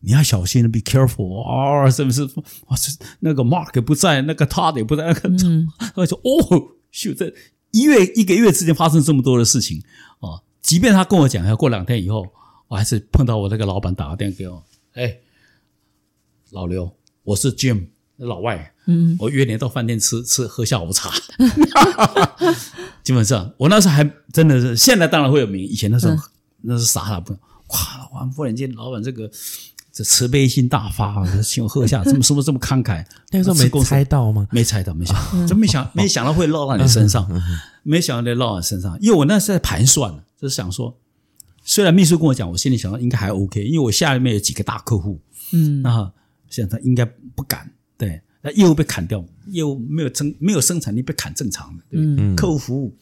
你要小心的，be careful 啊，是不是？哇，是那個 Mark 不在，那個 Todd 也不在，那個，嗯，他說哦，秀，在一月一個月之間發生這麼多的事情啊，即便他跟我講要過兩天以後，我還是碰到我那個老闆打個電話給我，哎，老劉，我是 Jim。老外，嗯，我約你到飯店吃吃喝下午茶， 基本上我那時候還真的是，現在當然會有名，以前那時候、嗯、那是傻，傻傻不，友。哇！突然間老板這個這慈悲心大發、啊，請我喝下，怎麼是不是這麼慷慨？那時候沒猜到嗎過？沒猜到，沒想到，真、嗯、沒想、哦，沒想到會落到你身上，嗯、沒想到會落到你身上、嗯你身上嗯，因為我那時候在盤算，就是想說，雖然秘書跟我講，我心裡想到應該還 OK，因為我下面有幾個大客戶，嗯，那想他應該不敢。業務被砍掉，業務沒有增，沒有生產力被砍，正常的。對，對、嗯，客戶服務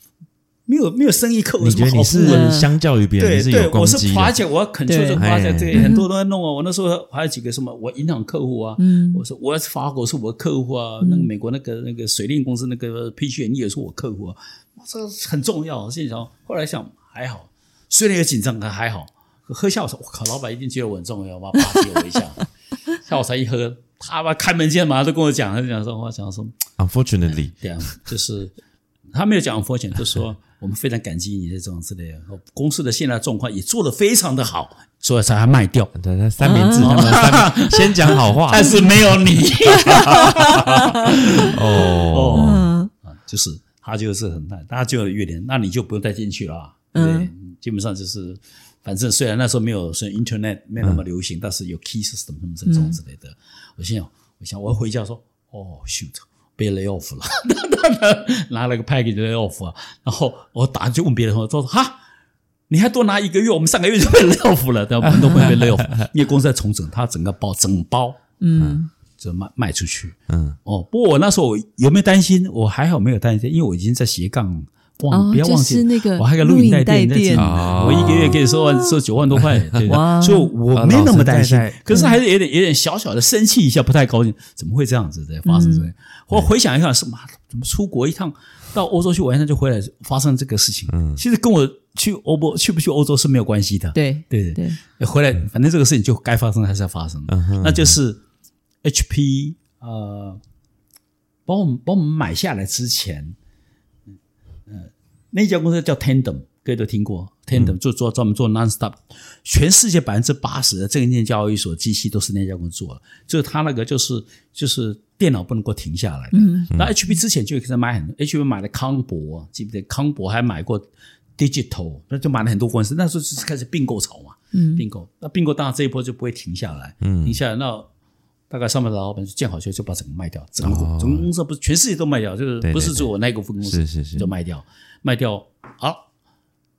沒有沒有生意，客戶什麼好服務的，你覺得你是相較於別人自己攻擊的。對對，我是而且我要懇求着花在對、哎、很多都在弄啊、嗯。我那時候還有幾個什麼，我銀行客戶啊，嗯，我說我要法國是我的客戶啊、嗯，那個美國那個那個水利公司那個 PG&E 也是我客戶啊，這個很重要。我心想後來想還好，雖然有緊張，但還好。喝下午茶，我靠，老板一定覺得我很重要我媽巴結我一下。 下午才一喝。他、啊、吧開門見山都跟我講，他就講說，我講說，unfortunately，這、嗯、樣、啊、就是他沒有講 unfortunately，就是說我們非常感激你的這種之類的，公司的現在狀況也做得非常的好，所以才要賣掉。對,對三明治、哦哦，先講好話，但是沒有你， 哦,哦，就是他就是很爛大家就有怨言，那你就不用再進去了，對、嗯，基本上就是，反正雖然那時候沒有說 internet 沒那麼流行，嗯、但是有 key system 什麼什麼這種之類的。嗯我心想，我想我要回家說，哦，shoot，被 lay off 了， 拿了個 package lay off 啊，然後我打就問別人說，他說哈，你還多拿一個月，我們上個月就被 lay off 了，對吧？我們都被 lay off，你 公司在重整，它整個包整包，嗯，嗯就賣賣出去，嗯，哦，不過我那時候有沒有擔心？我還好沒有擔心，因為我已經在斜槓。哇不要忘記我、哦，就是那個、還有個錄影帶店，帶店、哦，我一個月可以收收九萬多塊，對吧？所以我沒那麼擔心，可是還是有點有點小小的生氣一下，不太高興。嗯、怎麼會這樣子的？發生、嗯？我回想一下，什麼、啊？怎麼出國一趟到歐洲去晚上就回來發生這個事情？嗯、其實跟我去歐不去不去歐洲是沒有關係的。對對對，對，回來反正這個事情就該發生還是要發生的。嗯哼嗯哼，那就是 H P 呃，把我們把我們買下來之前。那一家公司叫 Tandem，各位都聽過。Tandem、嗯、就做專門做，做 nonstop，全世界百分之八十的證券交易所機器都是那家公司做的。就是他那個就是就是電腦不能夠停下來的。嗯。那 HP 之前就也在買很多、嗯、HP 買了康柏，記不記得？康柏還買過 Digital，那就買了很多公司。那時候就是開始併購潮嘛，嗯、併購。那併購當然這一波就不會停下來，嗯、停下來那大概上面的老闆就建好就就把整個賣掉，整個、哦、整個公司不是全世界都賣掉，就是不是做我那一個分公司就賣掉。哦對對對是是是賣掉好，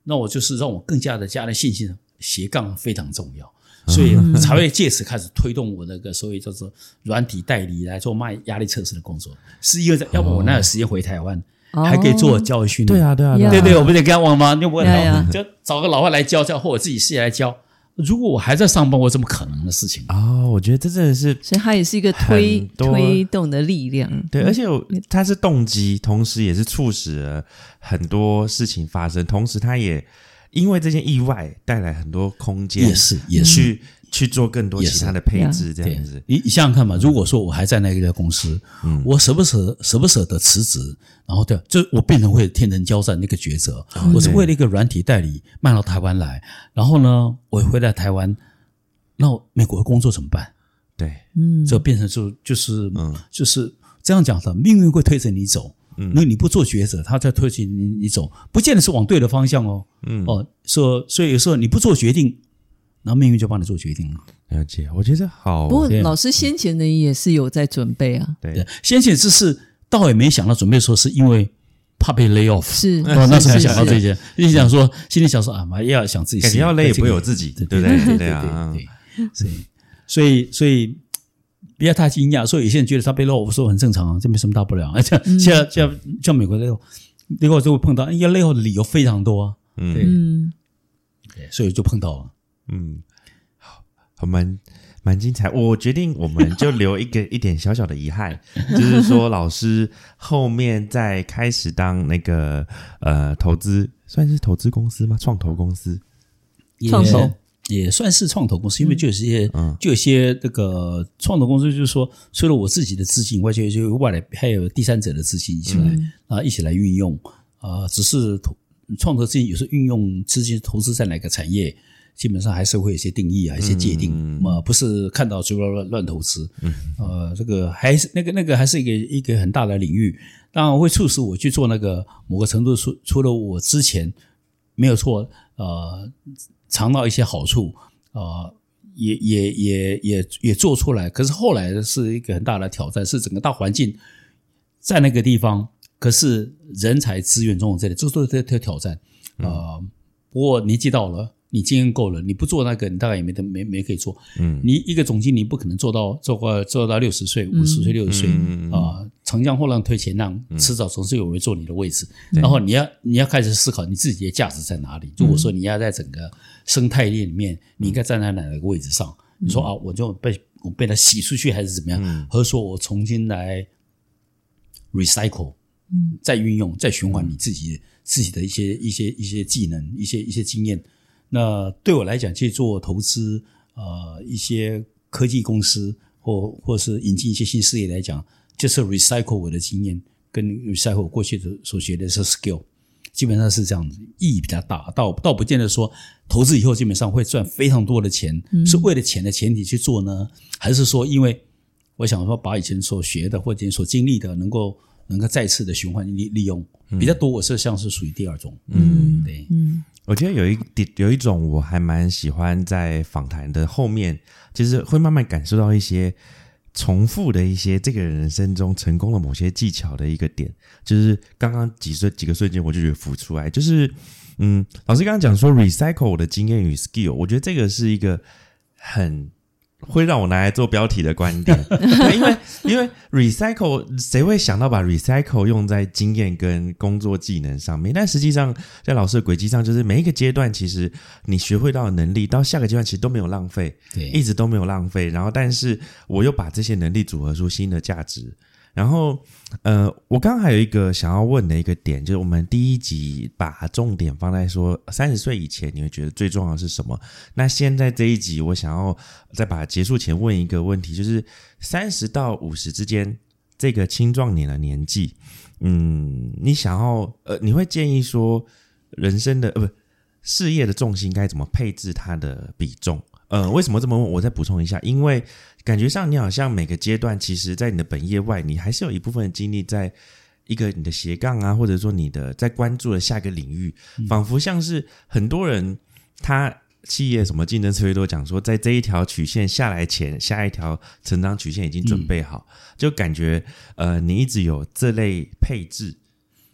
那我就是讓我更加的加了信心，斜槓非常重要，所以才會借此開始推動我那個所謂叫做軟體代理來做賣壓力測試的工作。是一個，要不我哪有時間回台灣、哦，還可以做教育訓練。對啊，對啊，對啊對，啊對，對，我不得幹我嗎？又不問、啊，就找個老外來教教，或者自己自己來教。如果我還在上班，我怎麼可能的事情啊、哦？我覺得這真的是，所以它也是一個推推動的力量。對，而且有它是動機，同時也是促使了很多事情發生。同時，它也因為這件意外帶來很多空間，也是也是去做更多其他的配置，這樣子 yes、yeah。你你想想看嘛，如果說我還在那一家公司，嗯、我舍不舍舍不舍得辭職，然後對，就我變成會天人交戰那個抉擇啊。我是為了一個軟體代理賣、嗯、到台灣來，然後呢，我回來台灣，那美國的工作怎麼辦？對，嗯，這變成就是、就是嗯就是這樣講的，命運會推着你走。嗯，因為你不做抉擇，它在推著你你走，不見得是往對的方向哦。嗯哦，說所以有時候你不做決定。然後命運就幫你做決定了。了解，我覺得好、啊不。不過老師先前呢也是有在準備啊對。對，先前之事倒也沒想到準備說是因為怕被 lay off 是、啊。是、嗯啊是，啊是哦，那時候還想到這些，就想說心裡想說啊，媽要想自己，肯定要累也不有自己，對對，對對對？對，對，對啊、嗯，對，所以，所以，所以不要太驚訝。所以有些人覺得他被 lay off 說很正常，啊這沒什麼大不了。像像像像美國的，最後就會碰到，因為 lay off 的理由非常多。啊嗯，所以就碰到了。嗯，好，蠻蠻精彩。我決定我們就留一個 一點小小的遺憾，就是說，老師後面再開始當那個呃投資，算是投資公司嗎？創投公司，也創投也算是創投公司，因為就有些、嗯、就有些那個創投公司，就是說，除了我自己的資金外，外就就外來還有第三者的資金一起來啊，嗯、一起來運用啊、呃，只是投創投資金有時候運用資金投資在哪個產業，基本上還是會有些定義啊，一些界定、嗯、嘛，不是看到就亂亂投資、嗯。呃，這個還是那個那個還是一個一個很大的領域，當然會促使我去做那個某個程度除出了我之前沒有錯，呃，嘗到一些好處，呃，也也也也也做出來。可是後來是一個很大的挑戰，是整個大環境在那個地方，可是人才資源中種這裡，這都是這挑戰啊、嗯呃。不過年紀到了。你經驗夠了，你不做那個，你大概也沒得沒沒可以做、嗯。你一個總經理不可能做到做到做到六十歲五十歲六十歲啊，長、嗯、江、嗯嗯呃、後浪推前浪，遲、嗯、早總是有人坐你的位置。然後你要你要開始思考你自己的價值在哪裡、嗯。如果說你要在整個生態鏈裡面，你應該站在哪個位置上、嗯？你說啊，我就被我被他洗出去，還是怎麼樣？還是說我重新來 recycle，嗯，再運用再循環你自己、嗯、自己的一些一些一些技能，一些，一些，一些一些經驗。那對我來講去做投資，呃，一些科技公司或或者是引進一些新事業來講，就是 recycle 我的經驗，跟 recycle 我過去所所學的是 skill，基本上是這樣子，意義比較大。倒倒不見得說投資以後基本上會賺非常多的錢，嗯，是為了錢的前提去做呢，還是說因為我想說把以前所學的或者所經歷的能夠能夠再次的循環利利用，比較多，我是像是屬於第二種。嗯，對，嗯。我覺得有一點，有一種我還蠻喜歡在訪談的後面，就是會慢慢感受到一些重復的一些這個人生中成功的某些技巧的一個點，就是剛剛幾瞬幾個瞬間我就覺得浮出來，就是嗯，老師剛剛講說 recycle 我的經驗與 skill，我覺得這個是一個很。會讓我拿來做標題的觀點，因為因為 recycle 誰會想到把 recycle 用在經驗跟工作技能上面？但實際上，在老師的軌跡上，就是每一個階段，其實你學會到的能力，到下個階段其實都沒有浪費，對，一直都沒有浪費。然後，但是我又把這些能力組合出新的價值。然後，呃，我剛剛還有一個想要問的一個點，就是我們第一集把重點放在說三十歲以前你會覺得最重要的是什麼？那現在這一集我想要再把結束前問一個問題，就是三十到五十之間這個青壯年的年紀，嗯，你想要呃，你會建議說人生的呃不事業的重心該怎麼配置它的比重？嗯、呃，為什麼這麼問？我再補充一下，因為。感覺上，你好像每個階段，其實，在你的本業外，你還是有一部分的精力在一個你的斜槓啊，或者說你的在關注的下一個領域，仿佛像是很多人他企業什麼競爭策略都講說，在這一條曲線下來前，下一條成長曲線已經準備好，就感覺呃，你一直有這類配置，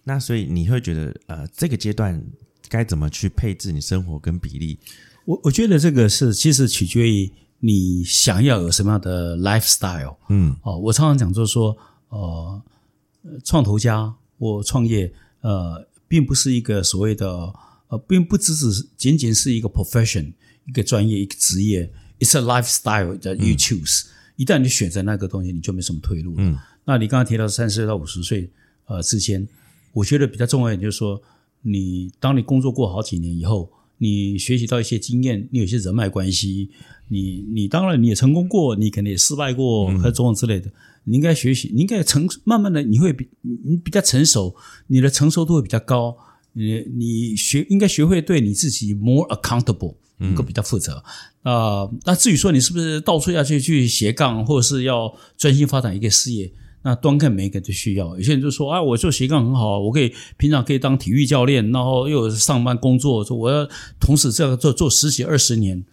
那所以你會覺得呃，這個階段該怎麼去配置你生活跟比例我？我我覺得這個是其實取決於。你想要有什麼樣的 lifestyle？嗯，哦，我常常講就是說，呃，創投家或創業，呃，並不是一個所謂的，呃，並不只是僅僅是一個 profession，一個專業，一個職業。It's a lifestyle that you choose。嗯。一旦你選擇那個東西，你就沒什麼退路了。嗯，那你剛剛提到三十歲到五十歲呃之間，我覺得比較重要一點就是說，你當你工作過好幾年以後。你學習到一些經驗，你有些人脈關係，你你當然你也成功過，你肯定也失敗過和種種之類的，嗯、你應該學習，你應該成，慢慢的你會比你比較成熟，你的成熟度會比較高，你你學應該學會對你自己 more accountable，能夠比較負責啊。那至於說你是不是到處要去去斜槓，或者是要專心發展一個事業？那端看每一個都需要，有些人就說：“啊，我做斜槓很好，我可以平常可以當體育教練，然後又上班工作，說我要同時這樣做做十幾二十年，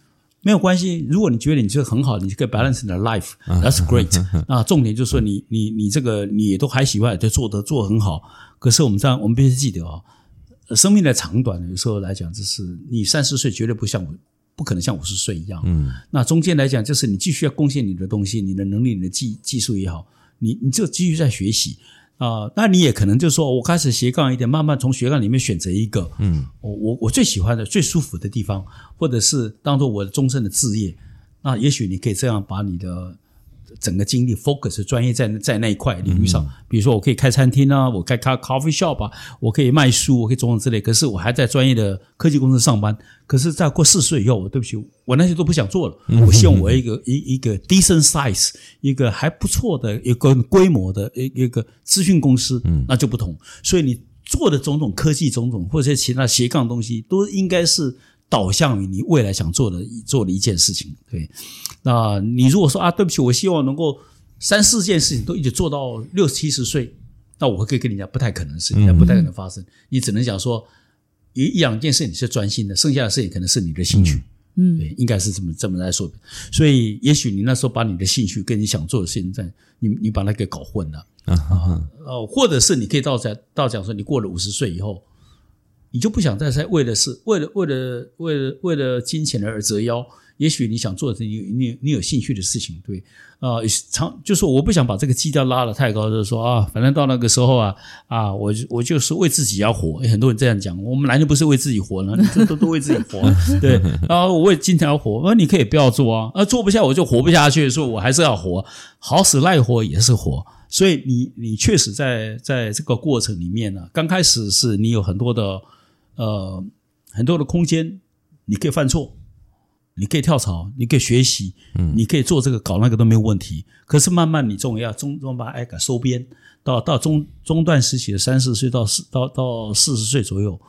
沒有關係。如果你覺得你這個很好，你就可以 balance 你的 life，that's great。那重點就是說你你你這個你也都還喜歡，就做得做得很好。可是我們這樣，我們必須記得哦，生命的長短有時候來講，就是你三十歲絕對不像我，不可能像五十歲一樣。嗯，那中間來講，就是你繼續要貢獻你的東西，你的能力、你的技技術也好。”你你就繼續在學習啊、呃，那你也可能就是說我開始斜槓一點，慢慢從斜槓裡面選擇一個，嗯我，我我我最喜歡的、最舒服的地方，或者是當做我終身的事業，那也許你可以這樣把你的。整個精力 focus 專業在那在那一塊領域上，比如說我可以開餐廳啊，我開咖咖啡 shop 啊，我可以賣書，我可以種種之類。可是我還在專業的科技公司上班。可是再過四十歲以後，我對不起，我那些都不想做了。我希望我一個一個一個 decent size，一個還不錯的、一個規模的、一個一個資訊公司，那就不同。所以你做的種種科技、種種或者其他斜槓東西，都應該是。導向於你未來想做的做的一件事情，對。那你如果說啊，對不起，我希望能夠三四件事情都一直做到六七十歲，那我會可以跟你講不太可能是，人家不太可能發生。嗯、你只能講說，一兩件事情你是專心的，剩下的事情可能是你的興趣。嗯，對，應該是這麼這麼來說的。所以，也許你那時候把你的興趣跟你想做的事情在，你你把它給搞混了、嗯、啊。哦，或者是你可以到講到講說，你過了五十歲以後。你就不想再再為了是，為了為了為了為了金錢而折腰。也許你想做你你你有興趣的事情，對啊，常、呃，就是我不想把這個基調拉得太高，就是說啊，反正到那個時候啊啊，我我就是為自己要活。很多人這樣講，我們男人不是為自己活呢？你都都為自己活，對啊，然後我為金錢要活，那、啊、你可以不要做啊，啊，做不下我就活不下去，說我還是要活，好死賴活也是活。所以你你確實在在這個過程裡面呢、啊，剛開始是你有很多的呃很多的空間，你可以犯錯，你可以跳槽，你可以學習，嗯，你可以做這個搞那個都沒有問題。可是慢慢你終於要中中把愛個收編，到到中中段時期，的三十歲到四到到四十歲左右。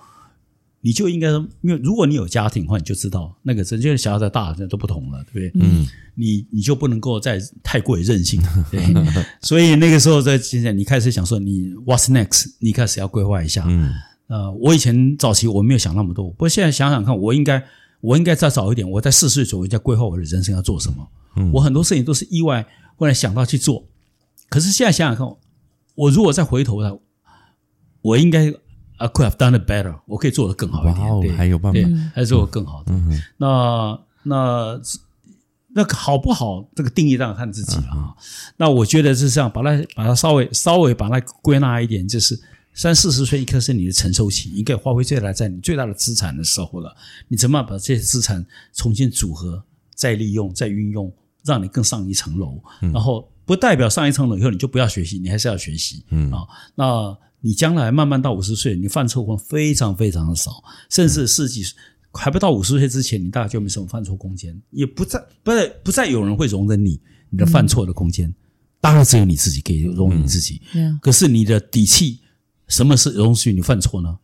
你就應該說，如果你有家庭的話，你就知道那個真就是小小的，小孩在大人都不同了，對不對？嗯，你，你你就不能夠再太過於任性。對 所以那個時候在現在，你開始想說你 What's next？你開始要規劃一下。嗯，呃，我以前早期我沒有想那麼多，不過現在想想看我應該，我應該我應該再早一點，我在四十歲左右再規劃我的人生要做什麼。嗯，我很多事情都是意外後來想到去做，可是現在想想看我，我如果再回頭呢，我應該。I could have done it better. 我可以做得更好一點。哇哦、對，還有辦法、還是、嗯、做得更好的。嗯嗯、那那那個、好不好？這、這個定義讓我看自己了啊、嗯。那我覺得是這樣，把它把它稍微稍微把它歸納一點，就是三四十歲，一刻是你的承受期，你可以發揮最大，在你最大的資產的時候了。你怎麼樣把這些資產重新組合、再利用、再運用，讓你更上一層樓、嗯？然後不代表上一層樓以後你就不要學習，你還是要學習。嗯啊、哦，那。你將來慢慢到五十歲，你犯錯會非常非常的少，甚至四十幾歲還不到五十歲之前，你大概就沒什麼犯錯空間，也不再不再不再有人會容忍你，你的犯錯的空間、嗯，當然只有你自己可以容忍你自己。嗯、可是你的底氣，什麼是容許你犯錯呢？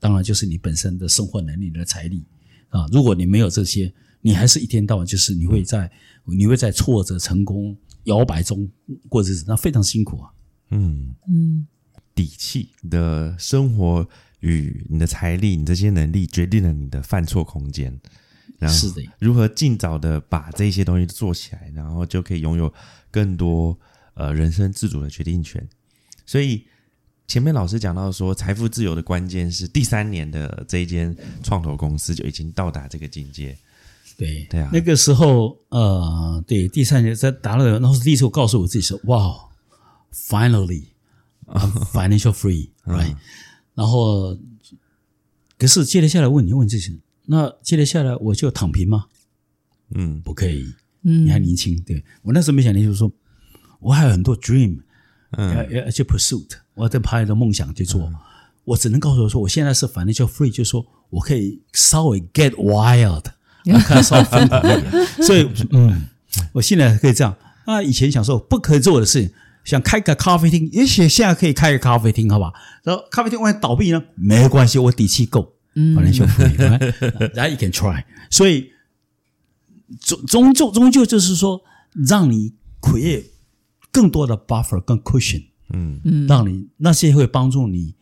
當然就是你本身的生活能力、你的財力啊。如果你沒有這些，你還是一天到晚就是你會在、嗯、你會在挫折、成功、搖擺中過日子，那非常辛苦啊。嗯嗯。底氣的生活與你的財力，你這些能力決定了你的犯錯空間。然後，是的，如何盡早的把這些東西做起來，然後就可以擁有更多呃人生自主的決定權。所以前面老師講到說，財富自由的關鍵是第三年的這一間創投公司就已經到達這個境界。對對啊，那個時候呃，對第三年在達了，然後第一次我告訴我自己說：“哇，Finally。” I'm、financial free right，、嗯、然後可是接著下來問你問這些，那接著下來我就躺平嗎？嗯，不可以，你還年輕。對我那時候沒想到就是說我還有很多 dream、嗯、要要去 pursuit，我要在爬一個夢想去做、嗯，我只能告訴我說我現在是 financial free，就是說我可以稍微 get wild，可、啊、稍微 所以嗯，我現在可以這樣，啊，以前想說不可以做我的事情。想開個咖啡廳，也許現在可以開個咖啡廳，好吧？然後咖啡廳萬一倒閉呢？沒關係，我底氣夠，反、嗯、能就。復你們。然後，you can try。所以，終終究終究就是說，讓你 create 更多的 buffer，更 cushion 嗯。嗯嗯，讓你那些會幫助你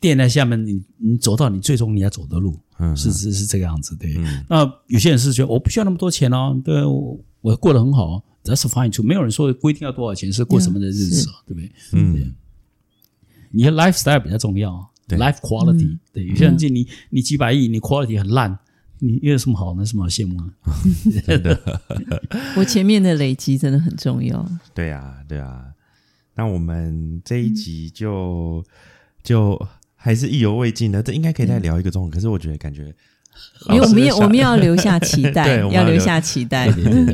墊在下面你，你你走到你最終你要走的路，嗯、是是是這個樣子，對、嗯。那有些人是覺得我不需要那麼多錢哦，對我我過得很好、哦。That's fine too。沒有人說，規定要多少錢，是過什麼的日子，啊、yeah, 對不對？嗯對，你的 lifestyle 比較重要啊。對，life quality。對，有些、嗯、你、嗯、你幾百億，你 quality 很爛，你有什麼好？那什麼好羨慕啊？ 真的 我前面的累積真的很重要。對啊，對啊。那我們這一集就，嗯、就還是意猶未盡的，這應該可以再聊一個鐘。嗯、可是我覺得感覺，因為我們要我們要留下期待， 要留下期待，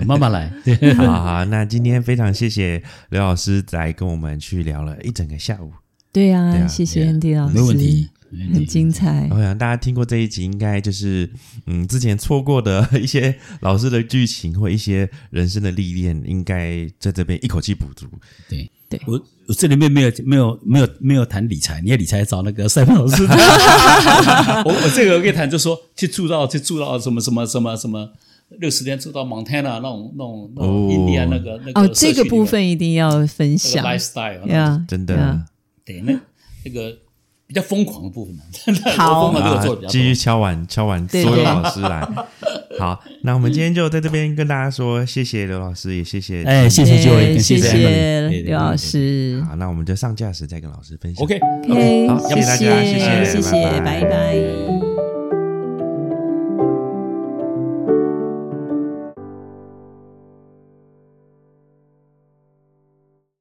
慢 慢來。對好好。那今天非常謝謝劉老師來跟我們去聊了一整個下午。對啊，對啊對啊，謝謝 Andy 老師。沒問題。很精彩。我想、oh yeah, 大家聽過這一集，應該就是嗯，之前錯過的一些老師的劇情或一些人生的歷練，應該在這邊一口氣補足。對，對我，我這裡面沒有沒有沒有沒有，沒有談理財，你要理財找那個賽鵬老師。 我我這個可以談就說去住到去住到什麼什麼什麼什麼六十天住到 Montana 那種那種、oh, 那種印那個那個哦，這個部分一定要分享。那個、lifestyle 呀、yeah, 那個 yeah,，真的，yeah. 對那那，那個。比較瘋狂的部分、啊，好，繼、 啊、續敲完敲完，所有老師來。好，那我們今天就在這邊跟大家說，謝謝劉老師， 也謝謝，哎，謝謝各位，謝謝劉、嗯哎、老師。好，那我們就上架時再跟老師分享。OK，OK、okay, okay, yeah, 謝謝大家，謝謝，拜、哎、拜。謝謝 bye bye bye bye